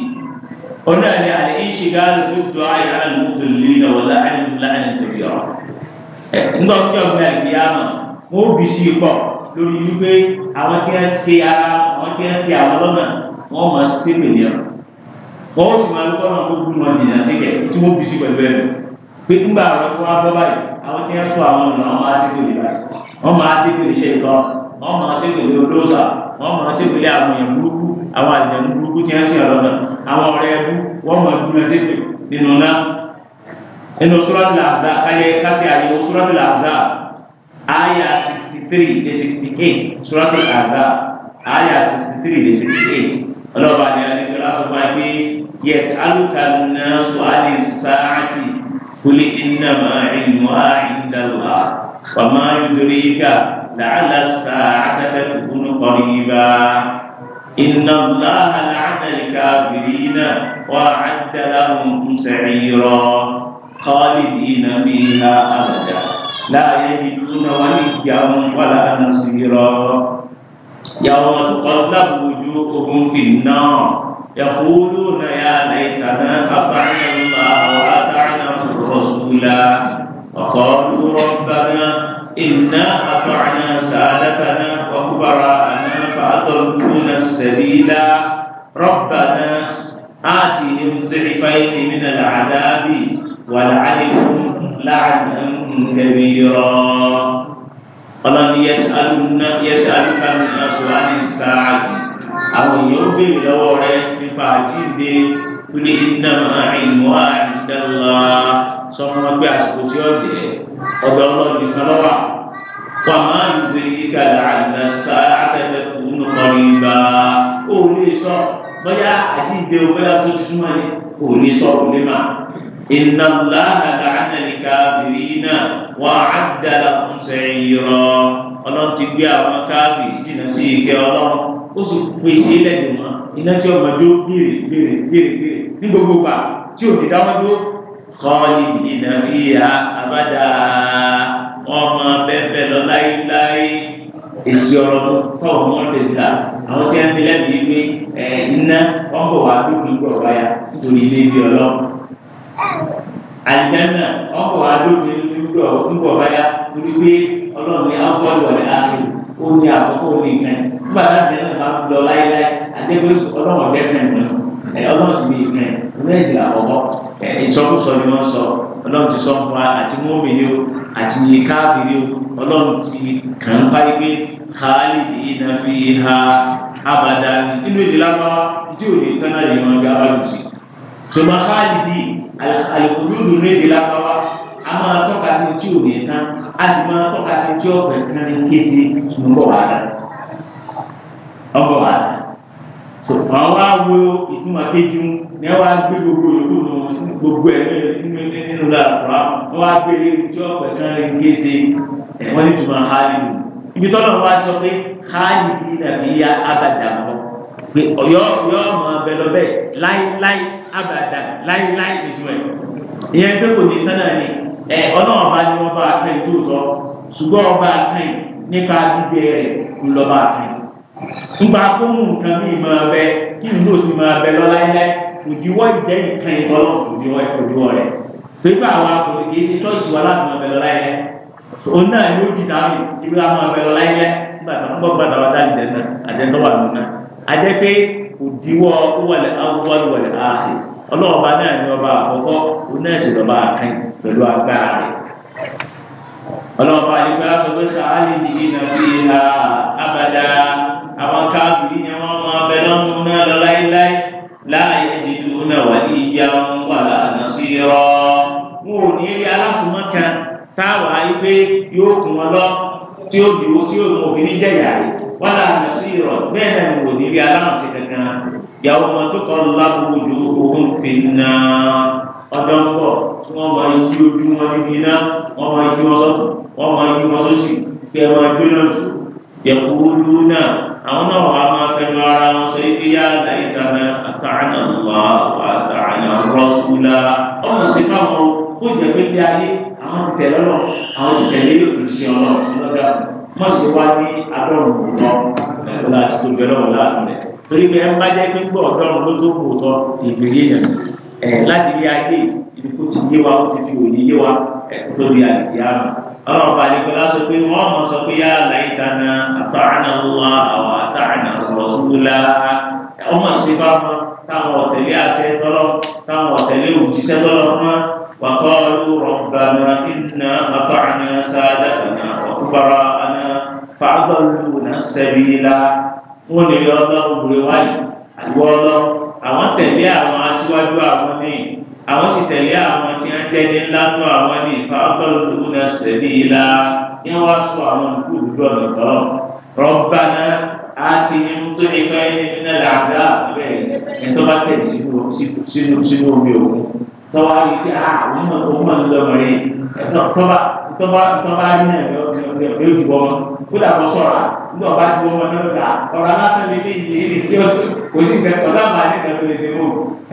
قلنا الانشغال بالدعاء على المضلين ولعن لعن كبيرة nígbà tí ọ̀gbìn àgbéyàmọ̀ wọn ò bí sí pọ̀ lórí wípé àwọn tí wọ́n ṣe ara àwọn tí wọ́n ṣe àwọn lọ́nà wọ́n máa ṣe pèlè ọ̀ wọ́n ó sì máa lọ́kọ́ náà tó gbúmọ̀ dìnnà síkẹ̀ tí wọ́n bí sí pẹ̀lú ẹ̀ pé nígbà àwọn tó wá bọ́ báyìí àwọn tí wọ́n sọ àwọn ọ̀nà wọn máa ṣe pèlè báyìí wọ́n máa ṣe pèlè ṣe ìtọ́ wọ́n máa ṣe pèlè olóòṣà wọ́n máa ṣe pèlè àwọn èèyàn burúkú àwọn àjẹmú burúkú tí wọ́n ṣe ọ̀lọ́nà àwọn ọ̀rẹ́ ẹbú wọ́n mọ̀ ẹbú náà ṣépè nínú náà nínú suratul Ahzab káyẹ kásì àyẹ̀wò suratul Ahzab àyà sixty three dé sixty eight suratul Ahzab àyà sixty three dé sixty eight ọlọ́ba ni adékọ́lá sọ fún wa pé yẹ alùkànnà sọ àdé sáàtì kúlẹ̀ ìnàmà ìnù àìndàlá wàmà yudrika làálà sáàtà tẹ̀kùnú kọ́rin yìí bá. إن الله لعن الكافرين وأعد لهم سعيرا خالدين فيها أبدا لا يجدون وليا ولا نصيرا يوم تقلب وجوههم في النار يقولون يا ليتنا أطعنا الله وأطعنا الرسول وقالوا ربنا إنا أطعنا سادتنا وكبراءنا فأضلون السبيل ربنا آتهم ضعفين من العذاب ولعنهم لعنا كبيرا ولم يسألون يسألك الناس عن الساعة أو يوم لوري بفاجد قل إنما علمها عند الله ثم بعد قتيل ọ̀dọ̀ Ọlọ́run nìkan wàmà ìgbèríkà làlà sàátẹ̀tẹ̀ kùn kọ́ríba ó lè sọ bóyá àjíǹde o bóyá tó ti súnmọ́ ni ó lè sọ kò lè má. iná láàlá làánà ní káfíìrì náà wà á dára fún sẹ́yìn rọ ti gbé àwọn káfíìrì jìnnà sí ìkẹ́ ọlọ́run ó sì pèsè lẹ́yìn wọn iná tí ọmọ tó gbèrè gbèrè gbèrè ní gbogbo gbà tí òkè dáwọn tó kọ́ ìdìnnà fìyà abádáa wọn máa bẹ́ẹ̀ lọ láíláí èsì ọ̀rọ̀ tó tọ̀ wọn lè sà àwọn tí wọn ti lẹ́bi pé ẹ̀ iná wọn bọ̀ wá dúró nígbà ọ̀rọ̀ ya nítorí ilé ibi ọlọ́ àlìjáná wọn bọ̀ wá dúró nígbà ọ̀rọ̀ ya torí pé ọlọ́run ní akọ́lù ọ̀rẹ́ àṣẹ ó ní àkọ́kọ́ ó ní ìkan nígbà láti ẹ̀ máa lọ láíláí àdébò ọlọ́run ọ̀rẹ́ kan ìmọ̀ ọlọ́run sì ní ìkan ìmọ̀ ẹ̀jẹ̀ àkọ́kọ́ ìsọkúsọ ni wọ́n sọ ọlọ́run ti sọ fún wa àti mọ́mí ni ó àti yìí káàkiri ọlọ́run ti kàn ń parí pé káàlì yìí náà fi ha abàdá nínú èdè lábáwá tí ò ní tánà lè máa fi ara lùsì. ṣùgbọ́n káàlì di àlùkùdùdù ní èdè lábáwá a máa tọ́ka sí tí ò ní tán a sì máa tọ́ka sí tí ọ̀pẹ̀ kan ní kése ń bọ̀ wá dá. ọ̀bọ̀ wá àwọn wá wo ìtumọ̀ kéjú ní wọ́n á gbé gbogbo yòókù nù gbogbo ẹ̀ nínú làkùrá wọ́n wá gbé tí wọ́n pẹ̀ sáré géṣe wọ́n ní tùmọ̀ hali nù. ibi tọ́lọ̀ wá sọ pé hali kì í dàbí ya abàdà mọ́ pé ọ̀yọ́ ọ̀yọ́ ọmọ abẹ lọ bẹ́ẹ̀ láíláí abàdà láíláí ìtumọ̀ ìyẹn pé kò ní sánà ni ẹ ọlọ́run bá ní wọ́n bá a kàn tó tọ́ ṣùgbọ́n ọba a kàn nípa gbígbé rẹ̀ ńlọba a kàn. nígbà tó mú nǹkan mí máa bẹ kí n lò sí máa bẹ lọ láíláí òdiwọ́ jẹ́ nǹkan ìbọ́lọ́ òdiwọ́ òdiwọ́ rẹ̀ pépà wa kò ní kìí ṣe tọ́sí wa láti máa bẹ̀rẹ̀ láyé òun náà yóò di dàrú ibi láti máa bẹ̀rẹ̀ láyé gbàgbà ń bọ̀ gbàgbà wa dáàbì dẹ̀ náà àjẹtọ́ wà lónà àjẹ́ pé òdiwọ́ wọlé awọ́lé wọlé ààrẹ ọlọ́ọ̀ba náà ní ọba àkọ́kọ́ òun náà sì lọ́ba àkàn pẹ̀lú agbára rẹ̀ ọlọ́ọ̀ba àdìgbà sọ pé sàálì ti yí náà fi hà abàdà àwọn káàbì ní wọn máa bẹ lọ́nu náà lọ láàyè dídú náà wà ní ìyá wọn wà láàánú sí rọ. wọn ò ní rí aláṣùmọ́ kan táwa yìí pé yóò kún wọn lọ tí ó dúró tí ó mọ̀ òfin jẹ̀yà rẹ̀ wà láàánú sí rọ bẹ́ẹ̀ náà ni ò ní rí aláṣùmọ́ kankan. ìyàwó wọn tó kọ́ lábúrú ju ogun fi ọjọ́ ń bọ̀ tí wọ́n máa yí ojú wọn níbi iná wọ́n máa yí wọn sọ́tún wọ́n máa yí wọn sósì pé ẹ gbé náà tù يقولون أنا وما كجارا سيديا ليتنا أطعنا الله وأطعنا الرسول أو سكاه قد يقول يعني أما تكلم أو تكلم بسم الله ما سواني أدرم الله لا تقبل ولا أمن torí pé ẹn bá jẹ́ pé gbọ́ ọ̀dọ́run ló tó kù tọ́ ìgbèrè yẹn ẹ̀ láti rí ayé ìdíkùtì yé wa ó ti fi òye yé wa ẹ̀ tó di àdìyá rẹ̀ ọlọ́run bá nípa lásọ pé wọ́n mọ̀ sọ pé yá láìtana àtàrànà wà àwọn àtàrànà rọ̀ṣúlá ọmọ síbá mọ́ táwọn ọ̀tẹ̀lé àṣẹ tọ́lọ́ táwọn ọ̀tẹ̀lé òjíṣẹ́ tọ́lọ́ mọ́ wàkọ́ọ̀lù rọ̀bàmà iná àtàrànà sáadàtànà ọ̀kúbara àná fàágbọ̀lù náà sẹ́bìlá wọ́n lè yọ ọlọ́run gbé wáyé àgbọ̀ ọlọ́run àwọn tẹ̀lé àwọn aṣíwájú àwọn níyì àwọn sì tẹ̀lé àwọn tí wọ́n tẹ́lé ńlá tó àwọn ní ìfowópamọ́ náà sẹ́lẹ̀ ìlà ní wọ́n sọ àwọn olùkú ìdúró lọ́tọ́ rọ́bánà àti nítorí ìfẹ́ nínú làdá bẹ́ẹ̀ ẹ̀ tó bá tẹ̀lé sínú omi òkun tọ́wọ́ àyíké àwọn ọmọ ọmọ ńlọrọrin ẹ̀ tọ́ bá tọ́ba tọ́ba ní ẹ̀rọ ìjù ọmọ kódà kó sọ̀ra nígbà bá ju ọmọ náà gbà ọ̀rọ̀ aláṣẹ lè lè yé lè yọ kò sí bẹ kọ́ sábà ní ìdàgbé lè ṣe mú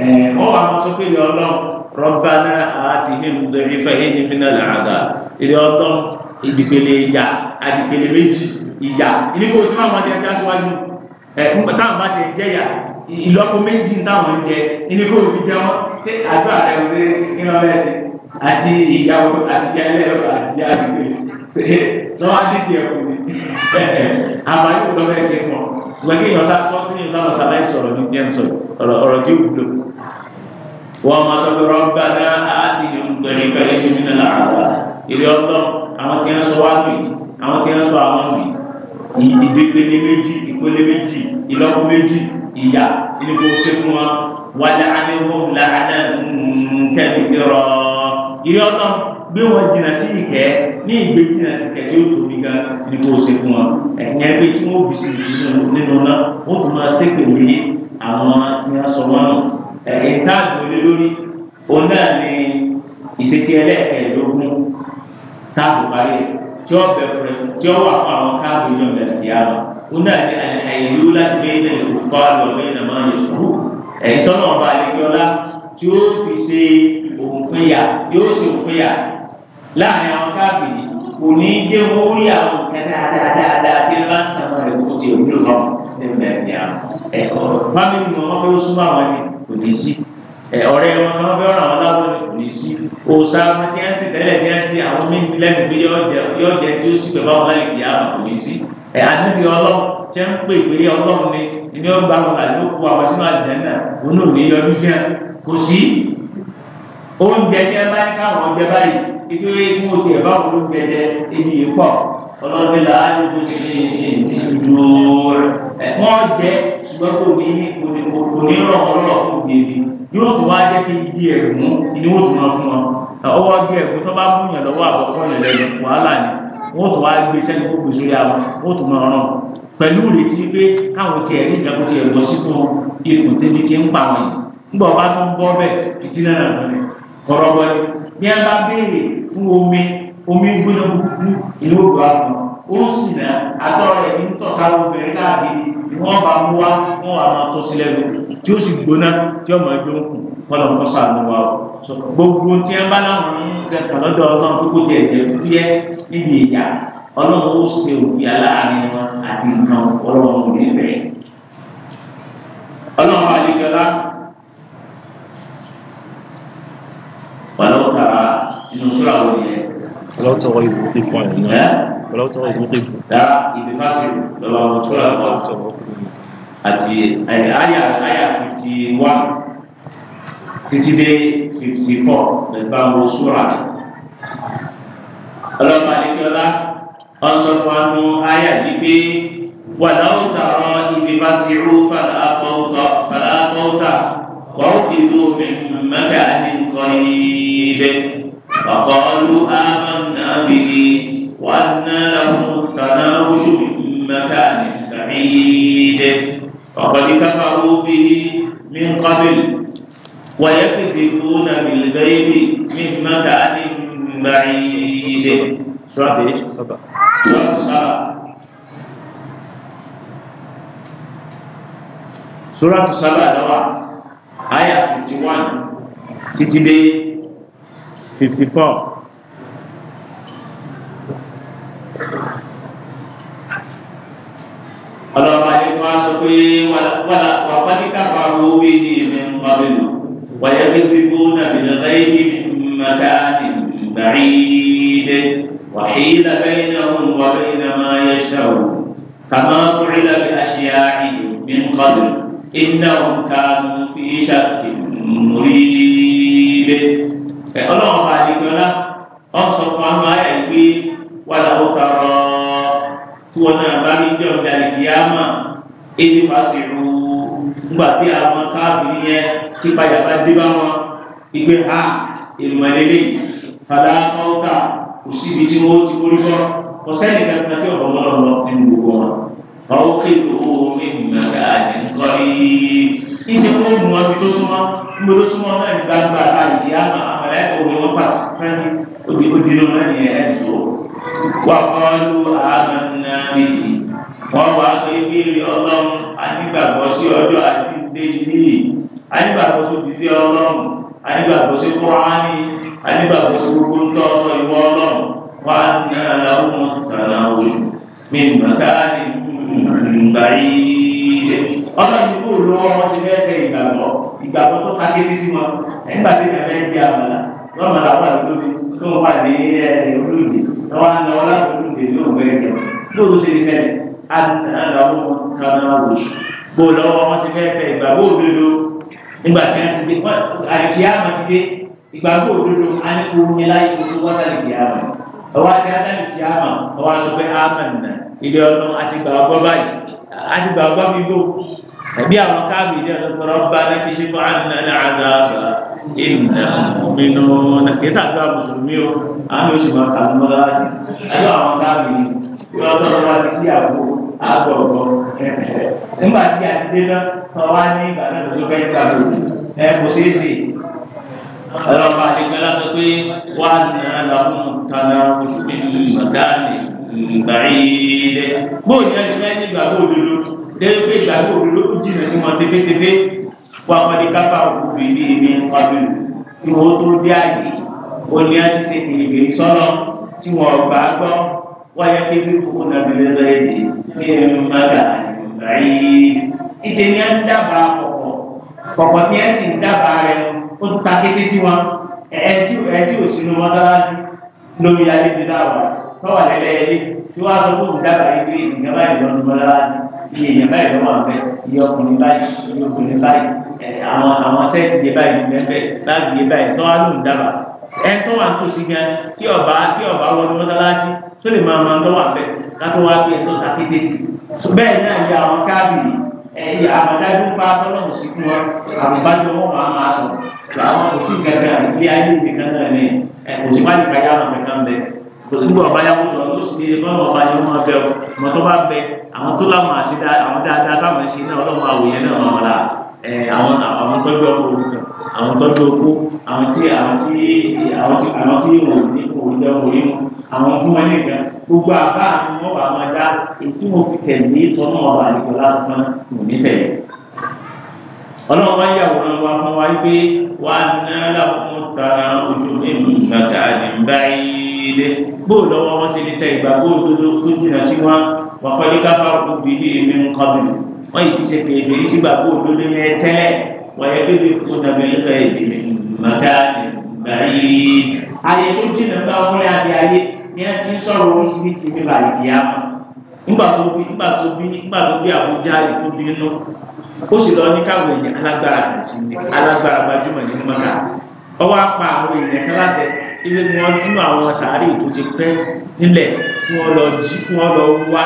ẹ̀ wọ́n wà mọ́ sọ pé ìyá ọlọ́run rọ́bà náà àti ní ìdọ̀rí fẹ́yẹ́ ní fínà làágà ìyá ọlọ́run ìdìpele ìyà àdìpele méjì ìyà ìní kò sí máa jẹ ẹja síwájú ẹ̀ táwọn bá ti jẹ́ yà ìlọ́po méjì táwọn jẹ ìní kò fi jẹ́ wọn ṣé àdúrà àti ìyàwó àti ẹlẹ́rọ àti àgbẹ̀ lọ́wọ́ àti tiẹ̀ kù ní àbáyé kò lọ́wọ́ ẹ̀ṣẹ̀ mọ́ ṣùgbọ́n kí ìyọ̀sá tó sí ní ìlànà sàlàyé sọ̀rọ̀ ní jẹ́ sọ̀rọ̀ ọ̀rọ̀ tí ó wúlò. wọ́n máa sọ pé rọ́bà náà á ti yọ̀ ń gbẹ̀rẹ̀ ìfẹ́lẹ́ ní nínú àlá ìrẹ́ ọlọ́run àwọn tí wọ́n sọ wá lù yìí àwọn tí wọ́n sọ àwọn lù yìí ìdígbélé méjì ìpele méjì ìlọ́kù méjì ìyá ìdígbò ṣẹ́kùn wọn wájà á ní wọ́n làánà kẹ́míkì rọ̀ọ́ ìrẹ́ ọ̀nà gbé wọn jìnà sí ìkẹ́ ní ìgbé jìnà sí ìkẹ́ tí ó tóbi ga ní kó ṣe fún wọn ẹ̀yìn ẹgbẹ́ tí wọ́n bì sí nínú nínú náà wọ́n tún máa ṣépè lé àwọn tí wọ́n sọ wọn nù ẹ̀yìn táàgì olé lórí òun náà ni ìṣesí ẹlẹ́ẹ̀kẹ́ẹ̀dógún táàgì parí tí ó tọ́nà ọba àlejò ọlá tí ó fi ṣe òun péyà yóò sì péyà láàrin àwọn káàkiri kò ní í dé wórí àwọn nǹkan dáadáa dáadáa tí ẹ bá ń tàmà rẹ kó tiẹ̀ wúlò lọ nígbà tí a ẹ ọ̀rọ̀ fámi ni wọn fẹ́ súnmọ́ àwọn ẹni kò ní sí ọ̀rẹ́ wọn fẹ́ fẹ́ ràn wọn láwọn ẹni kò ní sí òòsà wọn tí wọn ti tẹ́lẹ̀ tí wọn ti àwọn mímu lẹ́nu pé yóò jẹ tí ó sì pẹ̀ báwọn láì kìí àwọn kò ní sí ẹ àdébí ọlọ́run tí wọn pè ni ni wọn gbà wọn àlókù àwọn oúnjẹ jẹ báyìí káwọn jẹ báyìí ìdílé fún oṣù ẹ̀bá òun ló jẹ jẹ ibi ìpọ̀ ọlọ́dẹ là á lè tó ṣe ìdúró rẹ̀ wọ́n jẹ ṣùgbọ́n kò ní kò ní rọ̀ ọlọ́rọ̀ kò gbèbí yóò tún wá jẹ́ kí di ẹ̀rù mú ni wọ́n tún lọ fún wọn ọwọ́ gbé ẹ̀kú tó bá mú yàn lọ́wọ́ àkọ́kọ́ yẹn lẹ́nu wàhálà ni wọ́n tún wá gbé sẹ́ni kó gbèsè rí àwọn wọ́n tún máa rán pẹ̀lú ìrètí pé káwọn tiẹ̀ ní ìjàkó tiẹ̀ lọ sí fún ipò tẹ́bi ti ń pa wọn yìí ńgbà ọ̀rọ̀ wọlé bí a bá béèrè fún omi omi gbóná burúkú ìlú òdò àgbọn ó sì nà àtọ rẹ ti ń tọ̀sá obìnrin káàkiri ni wọ́n bá mú wa wọ́n wà máa tọ́ sílẹ̀ lọ tí ó sì gbóná tí ọmọ ẹgbẹ́ ń kù kọ́lọ̀ ń kọ́sà ló wà ó gbogbo tí a bá láwọn ń kẹta lọ́dọ̀ ọlọ́run tó kó tiẹ̀ jẹ́ fúyẹ́ níbi ìyá ọlọ́run ó ṣe òbí aláàárín wọn àti nǹkan ọlọ́run ò ní bẹ̀rẹ̀ ọlọ́run àlejò ọlá nínú sọ́ra wo nìyẹn. ọlọ́wọ́ tọrọ ìbò kí fún àyàn náà ọlọ́wọ́ tọrọ ìbò kí fún. dá ibi fásitì lọ́wọ́ àwọn sọ́ra wọn àti àyà àyà fifty one títí dé fifty four lẹ́gbà wo sọ́ra rẹ̀. ọlọ́pàá ní kí ọlá ọ̀sọ̀fọ̀ àánú àyà rú fàlà àpọ̀wùtà fàlà àpọ̀wùtà kọ́ọ̀kì tó mẹ́kà ní kọ́ni فقالوا آمنا به وأن لهم التناوش من مكان بعيد فقد كفروا به من قبل ويكذبون بالبيت من مكان بعيد سورة سبع سورة سبع سورة سبع آية 51 تتبين fifty four. ọlọ́pàá yìí wá sọ pé wàhálà fàrú bí ní ìmẹ̀ ń pa bẹ́ẹ̀ lọ wàyà bí fífú nàbí lọ́láyé ní màdáàdì bàrídé وحيل بينهم وبين ما يشاءون كما فعل بأشياعهم من قبل إنهم كانوا في شك مريب ọlọ́run ولو ترى تونا بالي جو dari kiamat ini fasiru ngba tí àwọn káàbìrì yẹn tí payàpá dé bá wọn ìgbé ha ìlú ẹlẹ́lẹ́ fàdà ọ̀ọ́ta kò síbi tí wọ́n ti kórí bọ́ ọ̀sẹ́ nìkan kan tí ọ̀bọ̀n wọn lọ nínú gbogbo wọn. ọ̀hún kéèkó omi ìgbàgbà àti nkọ́rí iṣẹ́ kó mú ọbí tó súnmọ́ níbo tó súnmọ́ náà ní gbangba àti àmàlẹ́ òwe wọn pa fẹ́ẹ́ ní òdìdó وقالوا آمنا به wọ́n wá pé bíi ọlọ́run anígbàgbọ́ sí ọjọ́ àti ìdílé anígbàgbọ́ sí ìdílé ọlọ́run anígbàgbọ́ sí kúránì anígbàgbọ́ sí gbogbo ńlọ ìwọ ọlọ́run wà ní aláwọ̀ tàlàwò mi màkà ní ìgbà yìí. ọlọ́run kò lọ ọmọ sí mẹ́tẹ̀ ìgbàgbọ́ ìgbàgbọ́ tó kákété sí wọn nígbà tí ìgbà àmàlà lọ́mọdé àwọn àdúgbò tó wà ní olóògbé lọ́wọ́ àná wọn láti fún ìdè ní òwe rẹ̀ lóòótọ́ ṣe ní ṣẹlẹ̀ àdàlọ́ kaná wò bó lọ́wọ́ wọn ti fẹ́ fẹ́ ìgbàgbọ́ òdodo nígbà tí wọ́n ti dé àyíkí àmọ́ ti dé ìgbàgbọ́ òdodo àníkú ní láyé òdodo wọ́n sáré kí àmọ́ ọwọ́ àti àdáyé kí àmọ́ ọwọ́ àti pé àmọ́ nà ilé ọlọ́run àti gbàgbọ́ báyìí àti gbàgbọ́ mi ìnà òmìnà nàkẹ́sà tó àbùsùnmí o àwọn oṣù máa kà lọ́mọdé láti tó àwọn káàbì yóò lọ́wọ́ wá sí àgbo àgọ̀gọ̀ nígbà tí a ti dé náà wọ́n wá ní ìgbà náà lọ́jọ́ bẹ́ẹ̀ gbà ló ẹ kò ṣeé ṣe ọlọ́pàá àdìgbẹ́ láti pé wà ní aláwọ̀ tànà oṣù nínú ìmọ̀dáàlì ìgbà yìí lẹ bóyá ìgbà yìí gbàgbọ́ òdodo lẹ́yìn pé sí wọn tẹ́fẹ́tẹ́fẹ́ wà wọ́n di kápá òkúbi ní ibi nǹkan mi kí wọ́n tó dé àyè ó ní á ti ṣe ìgbè sọ́nà tí wọ́n gbà gbọ́ wáyé pé bí kókó náà bẹ̀rẹ̀ lọ́yẹ̀ dé ní ẹnu mọ́gà báyìí. ìṣe ni a ń dábàá kọ̀kọ̀ kọ̀kọ̀ ni a sì ń dábàá rẹ̀ ó ń ta kété sí wọn ẹ̀ẹ́dì ẹ̀ẹ́dì òsínú mọ́sálásí lórí adébíláwà tọ́wà lẹ́lẹ́yẹlé tí wọ́n á sọ fún ìdábàá yìí pé ìjọba báyìí iye àwọn àwọn sẹ́ẹ̀tì yẹ báyìí mẹ́fẹ́ báàgì yẹ báyìí tọ́wá ló ń dábàá ẹ tó wà tó sí gan tí ọba tí ọba wọlé mọ́sálásí tó lè máa máa lọ́wọ́ abẹ kátó wá bí ẹtọ́ takété sí bẹ́ẹ̀ náà yẹ àwọn káàbìrì ẹ̀yẹ àbádájú bá tọ́lọ́mù sí fún wọn àbúbájú wọn máa máa sọ̀rọ̀ àwọn kò sí gàgà ilé ayé ìgbé kan náà ní ẹ̀ kò sí wájú kájá àwọn kankan bẹ kò sí gbọ́ ọ̀bá yàgò sọ̀rọ̀ ló sì ní bọ́ọ̀lù ọ̀bá yẹn wọ́n bẹ ọmọ tó bá bẹ àwọn tó láwọn àṣẹ dáadáa táwọn ṣe náà ọlọ́run àwòyẹ náà wọn àwọn àwọn tọ́jú ọkọ̀ òrukàn àwọn tọ́jú okó àwọn tí àwọn tí àwọn tí àwọn tí ò ní òòjọ òye mu àwọn fún wọn nìkan gbogbo àbá àwọn ọmọ wa máa dá ètí mo fi tẹ̀lé tọ́nà ọ̀rọ̀ àdìgbò lásán mò ní tẹ̀lé. ọlọ́run wá yà wọ́n wá fún wa pé wà á ná láwọn tara ojú mímu nàkà àdìmbá ilé bóòlù ọwọ́ wọn ṣe ní tẹ ìgbà bóòlù tó jìnnà sí wọn wà pẹ́ẹ́lí wọ́n yìí ti ṣe kéèké yìí sígbà kó òdodo yẹn tẹ́lẹ̀ wọ́n yẹ kébi kó nàbẹ̀ lọ́dọ̀ èdè màgá bàyí. ayé tó jìnnà bá wọlé adé ayé ni a ti ń sọ̀rọ̀ oríṣiríṣi ní bàlìkìyà nígbà tó bí nígbà tó bí nígbà tó bí àbújá ètò bí nínú ó sì lọ ní káwọn èèyàn alágbára àti alágbára gbajúmọ̀ nínú mọ́ta ọwọ́ apá àwọn èèyàn kan láṣẹ ilé wọn nínú àwọn sàárè tó ti pẹ́ nílẹ̀ kí wọ́n lọ jí kí wọ́n lọ wá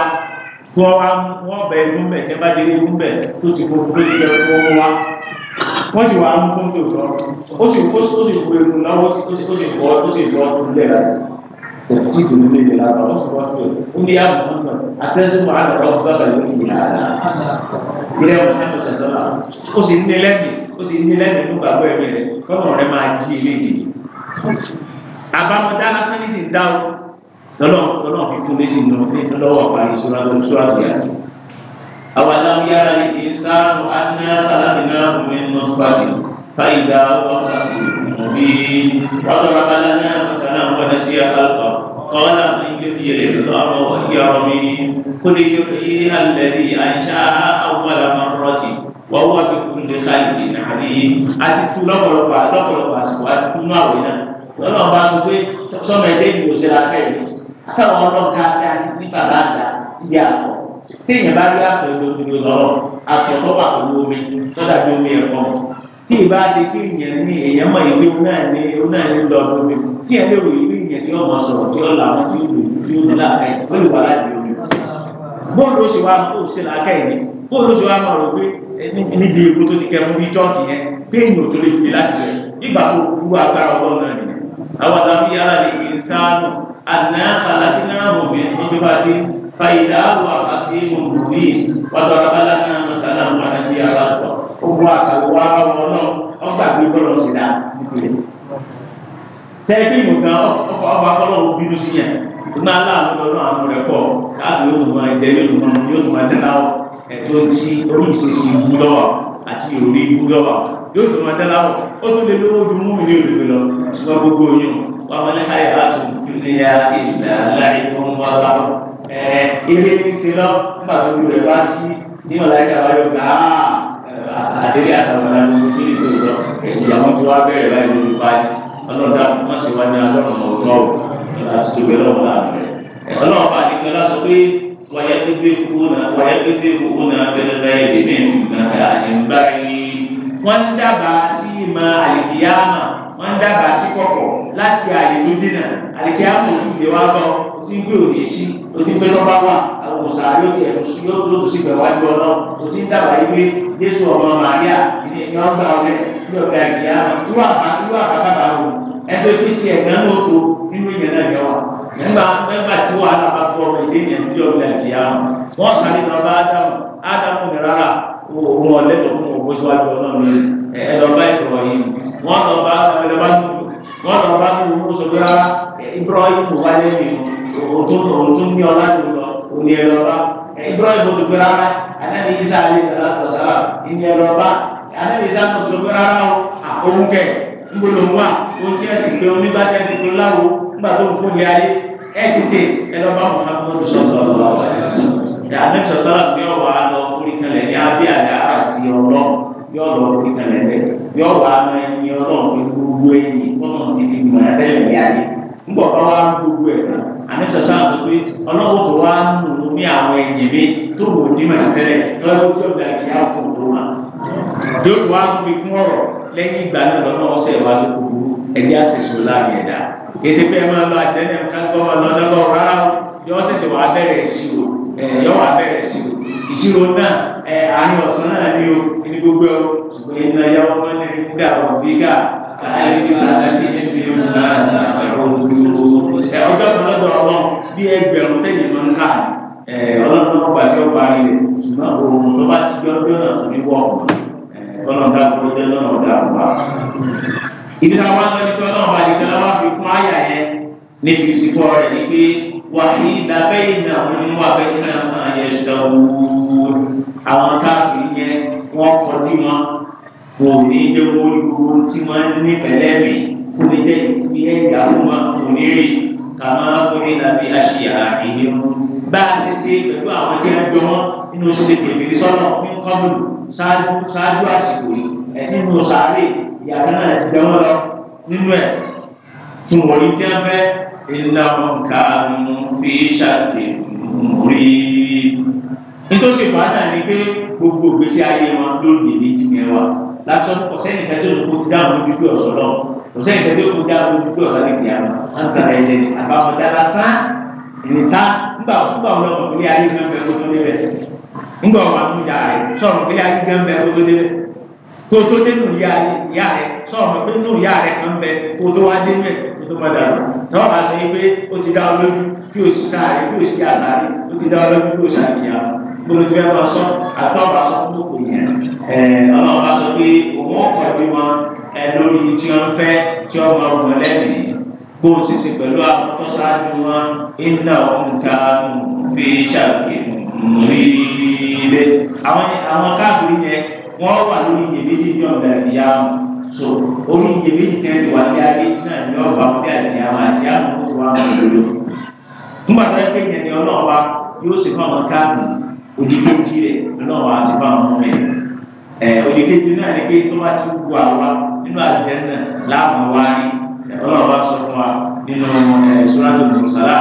kí wọ́n wá wọ́n bẹ egun bẹ̀ tẹ́ bá ti rí egun bẹ̀ tó ti fo fún ẹgbẹ́ fún ọmọ wa wọ́n sì wá mú fún tòótọ́ ó sì ó sì fo egun náà ó sì ó sì bọ́ ó sì bọ́ ọdún lẹ̀ láti tẹ̀sí tí ìdùnnú lè yẹ lára ó sì bọ́ ọdún lẹ̀ ó ní yàrá mọ́ àtẹ́sùn máa ń lọ fún ọ̀gá yóò yẹ lára ilé ọmọ náà sọ sọ́la ó sì ní lẹ́mìí ó sì ní lẹ́mìí fún gbàgbọ́ ẹ̀mí rẹ̀ kọ́mọ lọ́lọ́run fi tún léṣe nù ní lọ́wọ́ àpárí sóràtò sóràtò yàtọ̀. àwọn aláwíyára ni kì í sáàrù aná alábìnrin ọkùnrin ní nọ́ọ̀tìpàtì fáìdà ọwọ́ sàṣì òbí rọ́dọ̀rọ̀ abalánà ọ̀tàná ọ̀pọ̀dá sí àkàlùkọ̀ kọ́lá ní gbẹ̀bìyẹ̀rẹ̀ lọ́rọ̀ ìyàwó mi kúlé yóò alẹ́rì àṣà àwọ̀lá mọ́rọ́tì wọ́wọ́ àbíkúndé káyìí nàní àti tú lọ́pọ̀lọpọ̀ àti lọ́pọ̀lọpọ̀ àsìkò sáwọn ọlọ́run ká dá ní bàbá àgbà yíyá àtọ̀ téèyàn bá rí àtọ̀ ìdòdòdò lọ́rọ̀ àtọ̀ tó wà pẹ̀lú omi tó dàbí omi ẹ̀kọ́ tí ì bá ṣe kí ìyẹn ní èèyàn mọ ìwé òun náà ní òun náà ní lọ lómi tí ẹ lérò ìwé ìyẹn tí ọmọ sọ̀rọ̀ tí ó là wọn tí ó lò tí ó ní làákà yìí ó lè wà láti omi. bóòlù ó ṣe wá kó o ṣe làákà bóòlù ó ṣe wá أنا خلقناهم من حجبة فإذا هو خصيم مبين وضرب لنا مثلا ونسي خلقه gbogbo àkàwọ̀ àwọn náà ọgbà gbé bọ́lọ̀ sí náà nípìnlẹ̀. tẹ́lifíìmù gan ọkọ̀ ọba ọlọ́run bínú sí yẹn ìdúná aláàánú lọ́nà àwọn rẹ̀ pọ̀ káàdì yóò tún máa jẹ yóò tún máa yóò tún máa dẹ́lá ọ̀ ẹ̀tọ́ tí orí ìṣesí ibú lọ́wọ́ àti ìròrí ibú lọ́wọ́ yóò tún máa dẹ́lá ọ̀ ó tún lè lówó ju mú ìlú ìlú lọ ṣùgbọ́n gbogbo yìí wàmú ní àyà tó dúnìyà ìlà láì tó ń wá lọ. ilé ní ti lọ nígbà tó dúró rẹ̀ wá sí ní ọ̀làjà wa yóò gbà á àtẹ̀lé àtàwọn ọ̀làjà tó dúró tó lọ ìyàwó tó wá bẹ̀rẹ̀ láì lójú báyìí ọlọ́dà má sì wá ní alọ́run ọ̀tọ́ àti ìgbẹ́lọ́wọ́ àbẹ̀. ọlọ́run bá ti kẹ́lá sọ pé wàyà pépé fúnà wàyà pépé fúnà bẹ̀rẹ̀ láì lè mí nǹkan àyè báyìí. wọ́n dábàá sí ìmọ̀ àlìkìyàmà wọ́n ń dábàá sí kọ̀kọ̀ láti àyè tó dínà àlejò àwọn òṣìṣẹ́ wa bọ̀ ó ti ń gbé òde sí ó ti pé lọ́ba wà àwòsàn àlọ́ tiẹ̀ yóò tó tó sì bẹ̀ wá ju ọlọ́ ó ti ń dábàá yí pé Jésù ọmọ Màríà ni wọ́n gbà ọ lẹ ní ọ̀gá ìgbé àwọn irú àbá irú àbá bàbá wò ẹgbẹ́ tó ti ẹ̀ gán ló tó nínú ìyẹn náà yọ wa nígbà nígbà tí wọ́n alábà ìdí wọ́n lọ bá ẹlẹ́ bá wọ́n lọ bá nínú wọn sọ pé rárá Ibrahim wà lẹ́yìn òtún òtún ní ọlá ní lọ òní ẹ lọ bá Ibrahim tó pé rárá anáni isa alẹ́ sàlá tọ̀sára ìní ẹ lọ bá anáni isa tó sọ pé rárá o àkóńkẹ ńgbọlọmọ àwọn tí a ti pé onígbàtà ti pé láwo nígbà tó ń kúnlẹ̀ ayé ẹ ti tè ẹ lọ bá Muhammadu sọ̀tọ̀ ọ̀rọ̀ àwọn ẹ̀sán ní abẹ́ àdá àti ọlọ́run yọ lọ sí kalẹ̀ bẹ yọ wà mẹ ní ọlọ́run pé gbogbo ẹ̀yìn kọ́nà ti fi mọ̀ abẹ́lẹ̀ ní ayé ńgbọ̀ kọ́ wa gbogbo ẹ̀ náà àmì sọ̀tà sọ pé ọlọ́run tó wá nù ní àwọn ẹ̀yìn mi tó wò ní màsítẹ́lẹ̀ lọ́wọ́ tó gbà kí á kò tó wà. yóò tó wá fi kún ọ̀rọ̀ lẹ́yìn ìgbà náà lọ́nà ọ̀sẹ̀ wa ló Eh, yọ wà bẹ̀rẹ̀ sí o ìṣirò náà eh, àárín ọ̀sán náà ní o ní gbogbo ẹ̀ ṣùgbọ́n iná yà wọ́n máa ń lè gbà wọ́n bí ká káyọ̀ ní sàdá tí ẹ fi ń gbà ẹ̀rọ òdòdó ẹ̀ ọjọ́ kan lọ́dọ̀ ọlọ́run bí ẹgbẹ̀rún tẹ̀yìn máa ń kà eh, ọlọ́run náà gbà tí ó parí rẹ̀ ṣùgbọ́n òun tó bá ti gbọ́ ọjọ́ náà tó ní wọ́ ọ̀nà ọ̀dà kúrò jẹ́ lọ́nà ọ̀dà àgbà. ìdílé àwọn ọlọ́run tó náà wà ní وحيد بينهم وبين ما يشتهون àwọn káàkiri yẹn wọ́n kọjú wọn kò ní jẹ́ olùkó tí wọ́n ní pẹ̀lẹ́ mi kò ní jẹ́ ìfúni ẹ̀yà fún wọn kò ní rí kàmá kórè lábẹ́ àṣìyà ìdí wọn. bá a ṣe ṣe pẹ̀lú àwọn tí wọ́n jọ wọn nínú ṣe pèpèrè sọ́nà ní kọ́mùlù ṣáájú àsìkò yìí ẹ̀ nínú sàárè ìyàtọ̀ náà ti jẹ́ wọn lọ nínú ẹ̀ tún wọ̀nyí tí wọ́n fẹ́ ìnáwó kanu fi ṣàtì múrí. nítòsí fàánà ni pé gbogbo ìgbésí ayé wọn lóde ní tìǹbẹ̀ wa lásán ọ̀sẹ̀ nìkan tí olùkó ti dáhùn ojú pé ọ̀sán lọ ọ̀sẹ̀ nìkan tí olùkó ti dáhùn ojú pé ọ̀sán ti àná wọn tàbí ẹ̀jẹ̀ ní àbámọ̀dá lásán ìnìta nígbà fúnpá wọn lọ́wọ́ ìpínlẹ̀ ayé ń bẹ kótó níbẹ̀ nígbà wọn àmújà rẹ sọ̀rọ̀ ìpínlẹ̀ ayé ń bẹ kótó níbẹ̀ kótó nínú ìyá rẹ sọ̀rọ̀ pé nínú ìyá rẹ kan bẹ kótó wá dé tó padà tọ́ àti pé ó ti dá ọ lójú kí o sì sáré kí o sì àtàrí ó ti dá ọ lójú kí o ṣàkíyà gbọ́dọ̀ tí wọ́n bá sọ àti ọba sọ fún òkú yẹn ọlọ́run bá sọ pé òun ọkọ̀ bí wọn lórí tí wọ́n fẹ́ tí wọ́n máa wọ̀ lẹ́mìí kó o sì ti pẹ̀lú àwọn tó ṣáájú wọn iná òun ká fi ṣàkíyà mọ̀lẹ́lẹ́ àwọn káàkiri yẹn wọ́n wà lórí iyèméjì ní ọ̀gbẹ̀rẹ̀ ìyá wọn so orí iye méjì tí wọ́n ti ní ayé náà ni wọ́n bá wọlé àti àwọn àti àwọn tó wà wọ́n lò lò nígbà tó yẹ pé ìyẹn ni ọlọ́run wa yóò sì fún àwọn káàdì oníkejì rẹ̀ ọlọ́run wa sì fún àwọn ọmọ rẹ̀ ẹ̀ náà ni pé tó bá ti wù àwa nínú àjẹ́ náà láàmú wa ni ọlọ́run wa sọ fún wa nínú ìṣúná tó dùn sára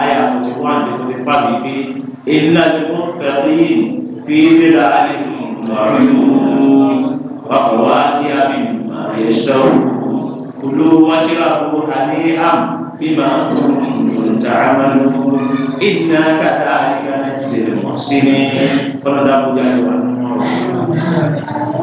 àyà àti wọn àti ìfọ̀tẹ̀ fáàmì pé ìlànà ìfọ̀ tẹ̀lé fi ìlera àlejò يشتروا كلوا واشربوا هنيئا بما كنتم تعملون إنا كذلك نجزي المحسنين فلنبدا والنور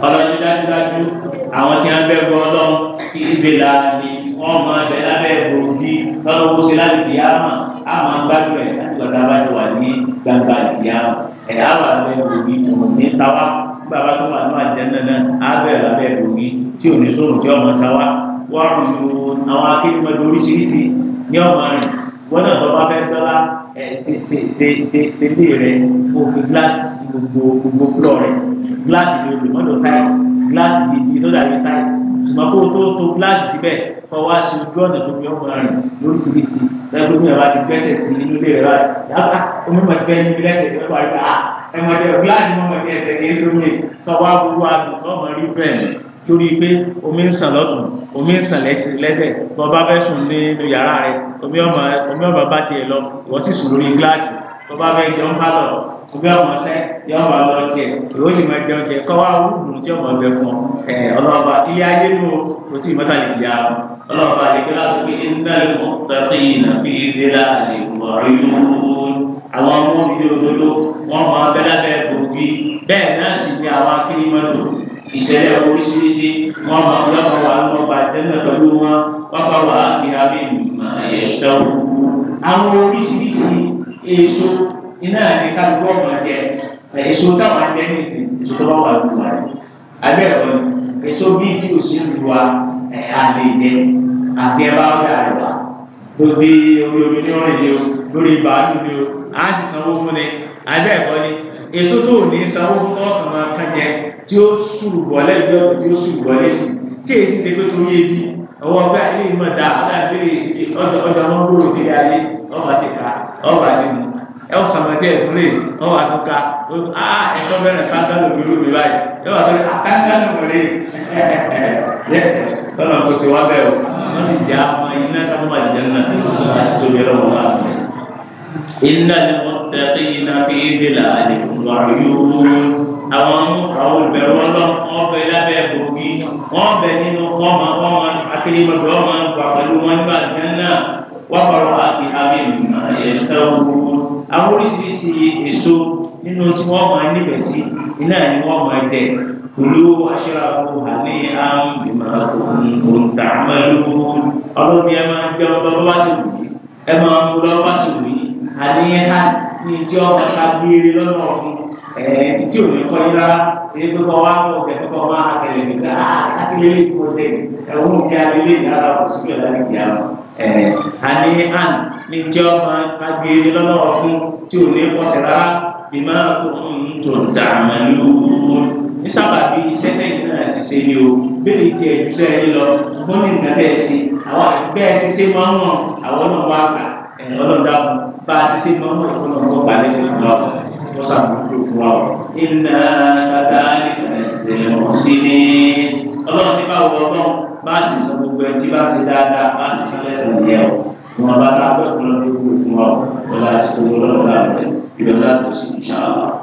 قال جدا جدا àwọn tí a ń bẹ gbọ́ lọ kí ìgbéla ni wọ́n máa bẹ lábẹ́ gbòógì lọ́dọ̀ kó ṣe láti di àmà àmà gbádùn ẹ̀ láti gbàdá bá ti wà ní gbangba ìdí àmà ẹ̀ àmà lábẹ́ gbòógì kò ní tàwa nígbà bá tó wà ní àjẹnà náà á bẹ̀rẹ̀ lábẹ́ ìròyìn tí ò ní sóòrùn tí ọmọ ta wá wọ́n rùn ju àwọn akéwìmọ̀ lóríṣiríṣi ní ọmọ rẹ̀ wọ́n náà tó bá fẹ́ dọ́là ṣe lé rẹ̀ kó fi gíláàsì gbogbo gbogbo fúlọ̀ rẹ̀ gíláàsì lè lò mọ́tò táì gíláàsì lè di tó dàbí táì ṣùgbọ́n kó tó tó gíláàsì síbẹ̀ tọwọ́ aṣọ ojú ọ̀nà tó fi ọkùnrin rẹ̀ lóríṣiríṣi lẹ́gbẹ́ mi ọ̀la ti gbẹ́sẹ̀ sí inú ilé rẹ̀ báyìí yàtọ̀ ah, onímọ̀ ti fẹ́ ní gíláṣẹ̀ ah, tó wà nípa ẹ̀mọ̀dé gíláṣì mọ̀mọ̀dé ẹ̀tẹ̀ kìí sómi tọwọ́ aburú adùn tọmọ rí bẹ́ẹ̀ torí pé omi ń sàn lọ́dún omi ń sàn lẹ́sẹ̀ tọba fẹ́ sùn nínú yàrá rẹ̀ omi ọba bá tiẹ̀ lọ ìwọ sì sùn lórí gíláṣì tọba fẹ́ jọ ń bá lọ omi ọmọ sẹ yọ ọba lọ tiẹ̀ ìwọ sì máa jẹun jẹ kọ́ wa wúlùú tí ọmọ bẹ fún ọ ọlọ́ba ilé ayé ló kò sí ìmọ̀tàlẹ́bíyà ọlọ́run bá dìgbò láti pé innal muttaqina fi dhilalin wa 'uyun àwọn ọmọ mi òdodo wọn máa bẹ lábẹ́ gbòógì bẹ́ẹ̀ náà sì ni àwọn akérèmọdò ìṣẹ̀lẹ̀ oríṣiríṣi wọn máa ń lọkọ wà lọ bá tẹlẹ pẹ̀lú wọn pápá wà á fi abẹ ìmọ̀ ẹ̀ṣẹ̀ wọn. àwọn oríṣiríṣi èso iná ní kálukú ọmọ ẹ̀ àlejẹ àti ẹ̀bá ọ̀gá rẹ̀ wá gbogbo orí omi ní ọ̀rìn ni o lórí bàálù ni o á ti sanwó fún ni abẹ́ ẹ̀kọ́ ni èso tó ní sanwó fún ọ̀kan máa kàn jẹ tí ó sùrù bọ̀ lẹ́yìn ọ̀kan tí ó sùrù bọ̀ lẹ́sìn tí èsì ti pé torí ebi ọwọ́ ọgbà ilé ìmọ̀ dá ọ̀dà ìbéèrè ọjọ́ ọjọ́ wọn gbòòrò dé ayé ọba ti ká ọba ti mú ẹ wọ sàmọdé ẹdúrè ọwọ àtúkà a ẹ̀tọ́ bẹ̀rẹ̀ kankan lòdì lóbi báyìí ẹ wọ àtúkà kankan lòdì kọ́nà kó sì wá bẹ́ẹ̀ o wọ́n ti jà á iná kápẹ́ bá jẹ́ náà láti tóbi ẹ̀rọ wọn láti. iná ni wọ́n tẹ ẹ́ iná fi ébi là ní wàyúùn àwọn àwọn olùbẹ̀rù ọlọ́run wọ́n bẹ lábẹ́ gbòógì wọ́n bẹ nínú kọ́mà kọ́mà akérèmọdé ọmọ àgbà pẹ̀lú wọn nígbà jẹ́ náà wọ́n kọ́rọ̀ àti àmì ìmọ̀ ẹ̀ṣẹ̀ òkú àwọn oríṣiríṣi èso nínú tí wọ́n ni wọ́n máa jẹ kulu aṣirafu hali am bima kuntum ta'malun ọlọ́run eh, ni ẹ máa jẹ ọba bá sì wù yí ẹ máa mú lọ bá sì wù yí hali ha ní tí ọba ká gbére lọ́nà ọ̀fun ẹ̀ títí òní kọ́ yín rárá èyí tó kọ́ wá mọ̀ ọ̀kẹ́ tó kọ́ wá akẹ́lẹ́ nígbà akílélé tí mo tẹ̀ ẹ̀wọ̀n kí alẹ́lẹ́ ní ara kò hali ha ní tí ọba ká gbére lọ́nà ọ̀fun tí òní kọ́ sí rárá ní sábàbí iṣẹ́ tẹ̀yìn náà ti ṣe ni o bẹ́ẹ̀ ti ẹ̀ jùṣẹ́ yín lọ ṣùgbọ́n ní nǹkan tẹ̀ sí àwọn bẹ́ẹ̀ ti ṣe máa ń wọ̀n àwọn náà wá kà ẹ̀yìn ọlọ́dà mú bá a ti ṣe máa ń wọ̀n ìfúnná ọkọ̀ gbà lè ṣe lọ wọ́n ṣàkóso fún wa. iná kàkà ẹ̀sìn ọ̀sìn ni ọlọ́run ní báwo ọlọ́run bá a ti sọ gbogbo ẹ̀ tí bá ti dáadáa bá a ti sọ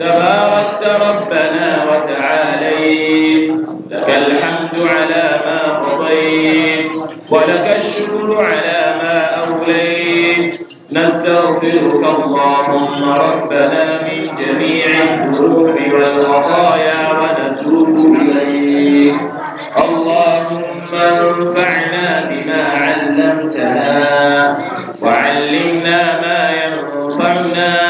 تباركت ربنا وتعاليت لك الحمد على ما قضيت ولك الشكر على ما أوليت نستغفرك اللهم ربنا من جميع الذنوب والخطايا ونتوب إليك اللهم انفعنا بما علمتنا وعلمنا ما ينفعنا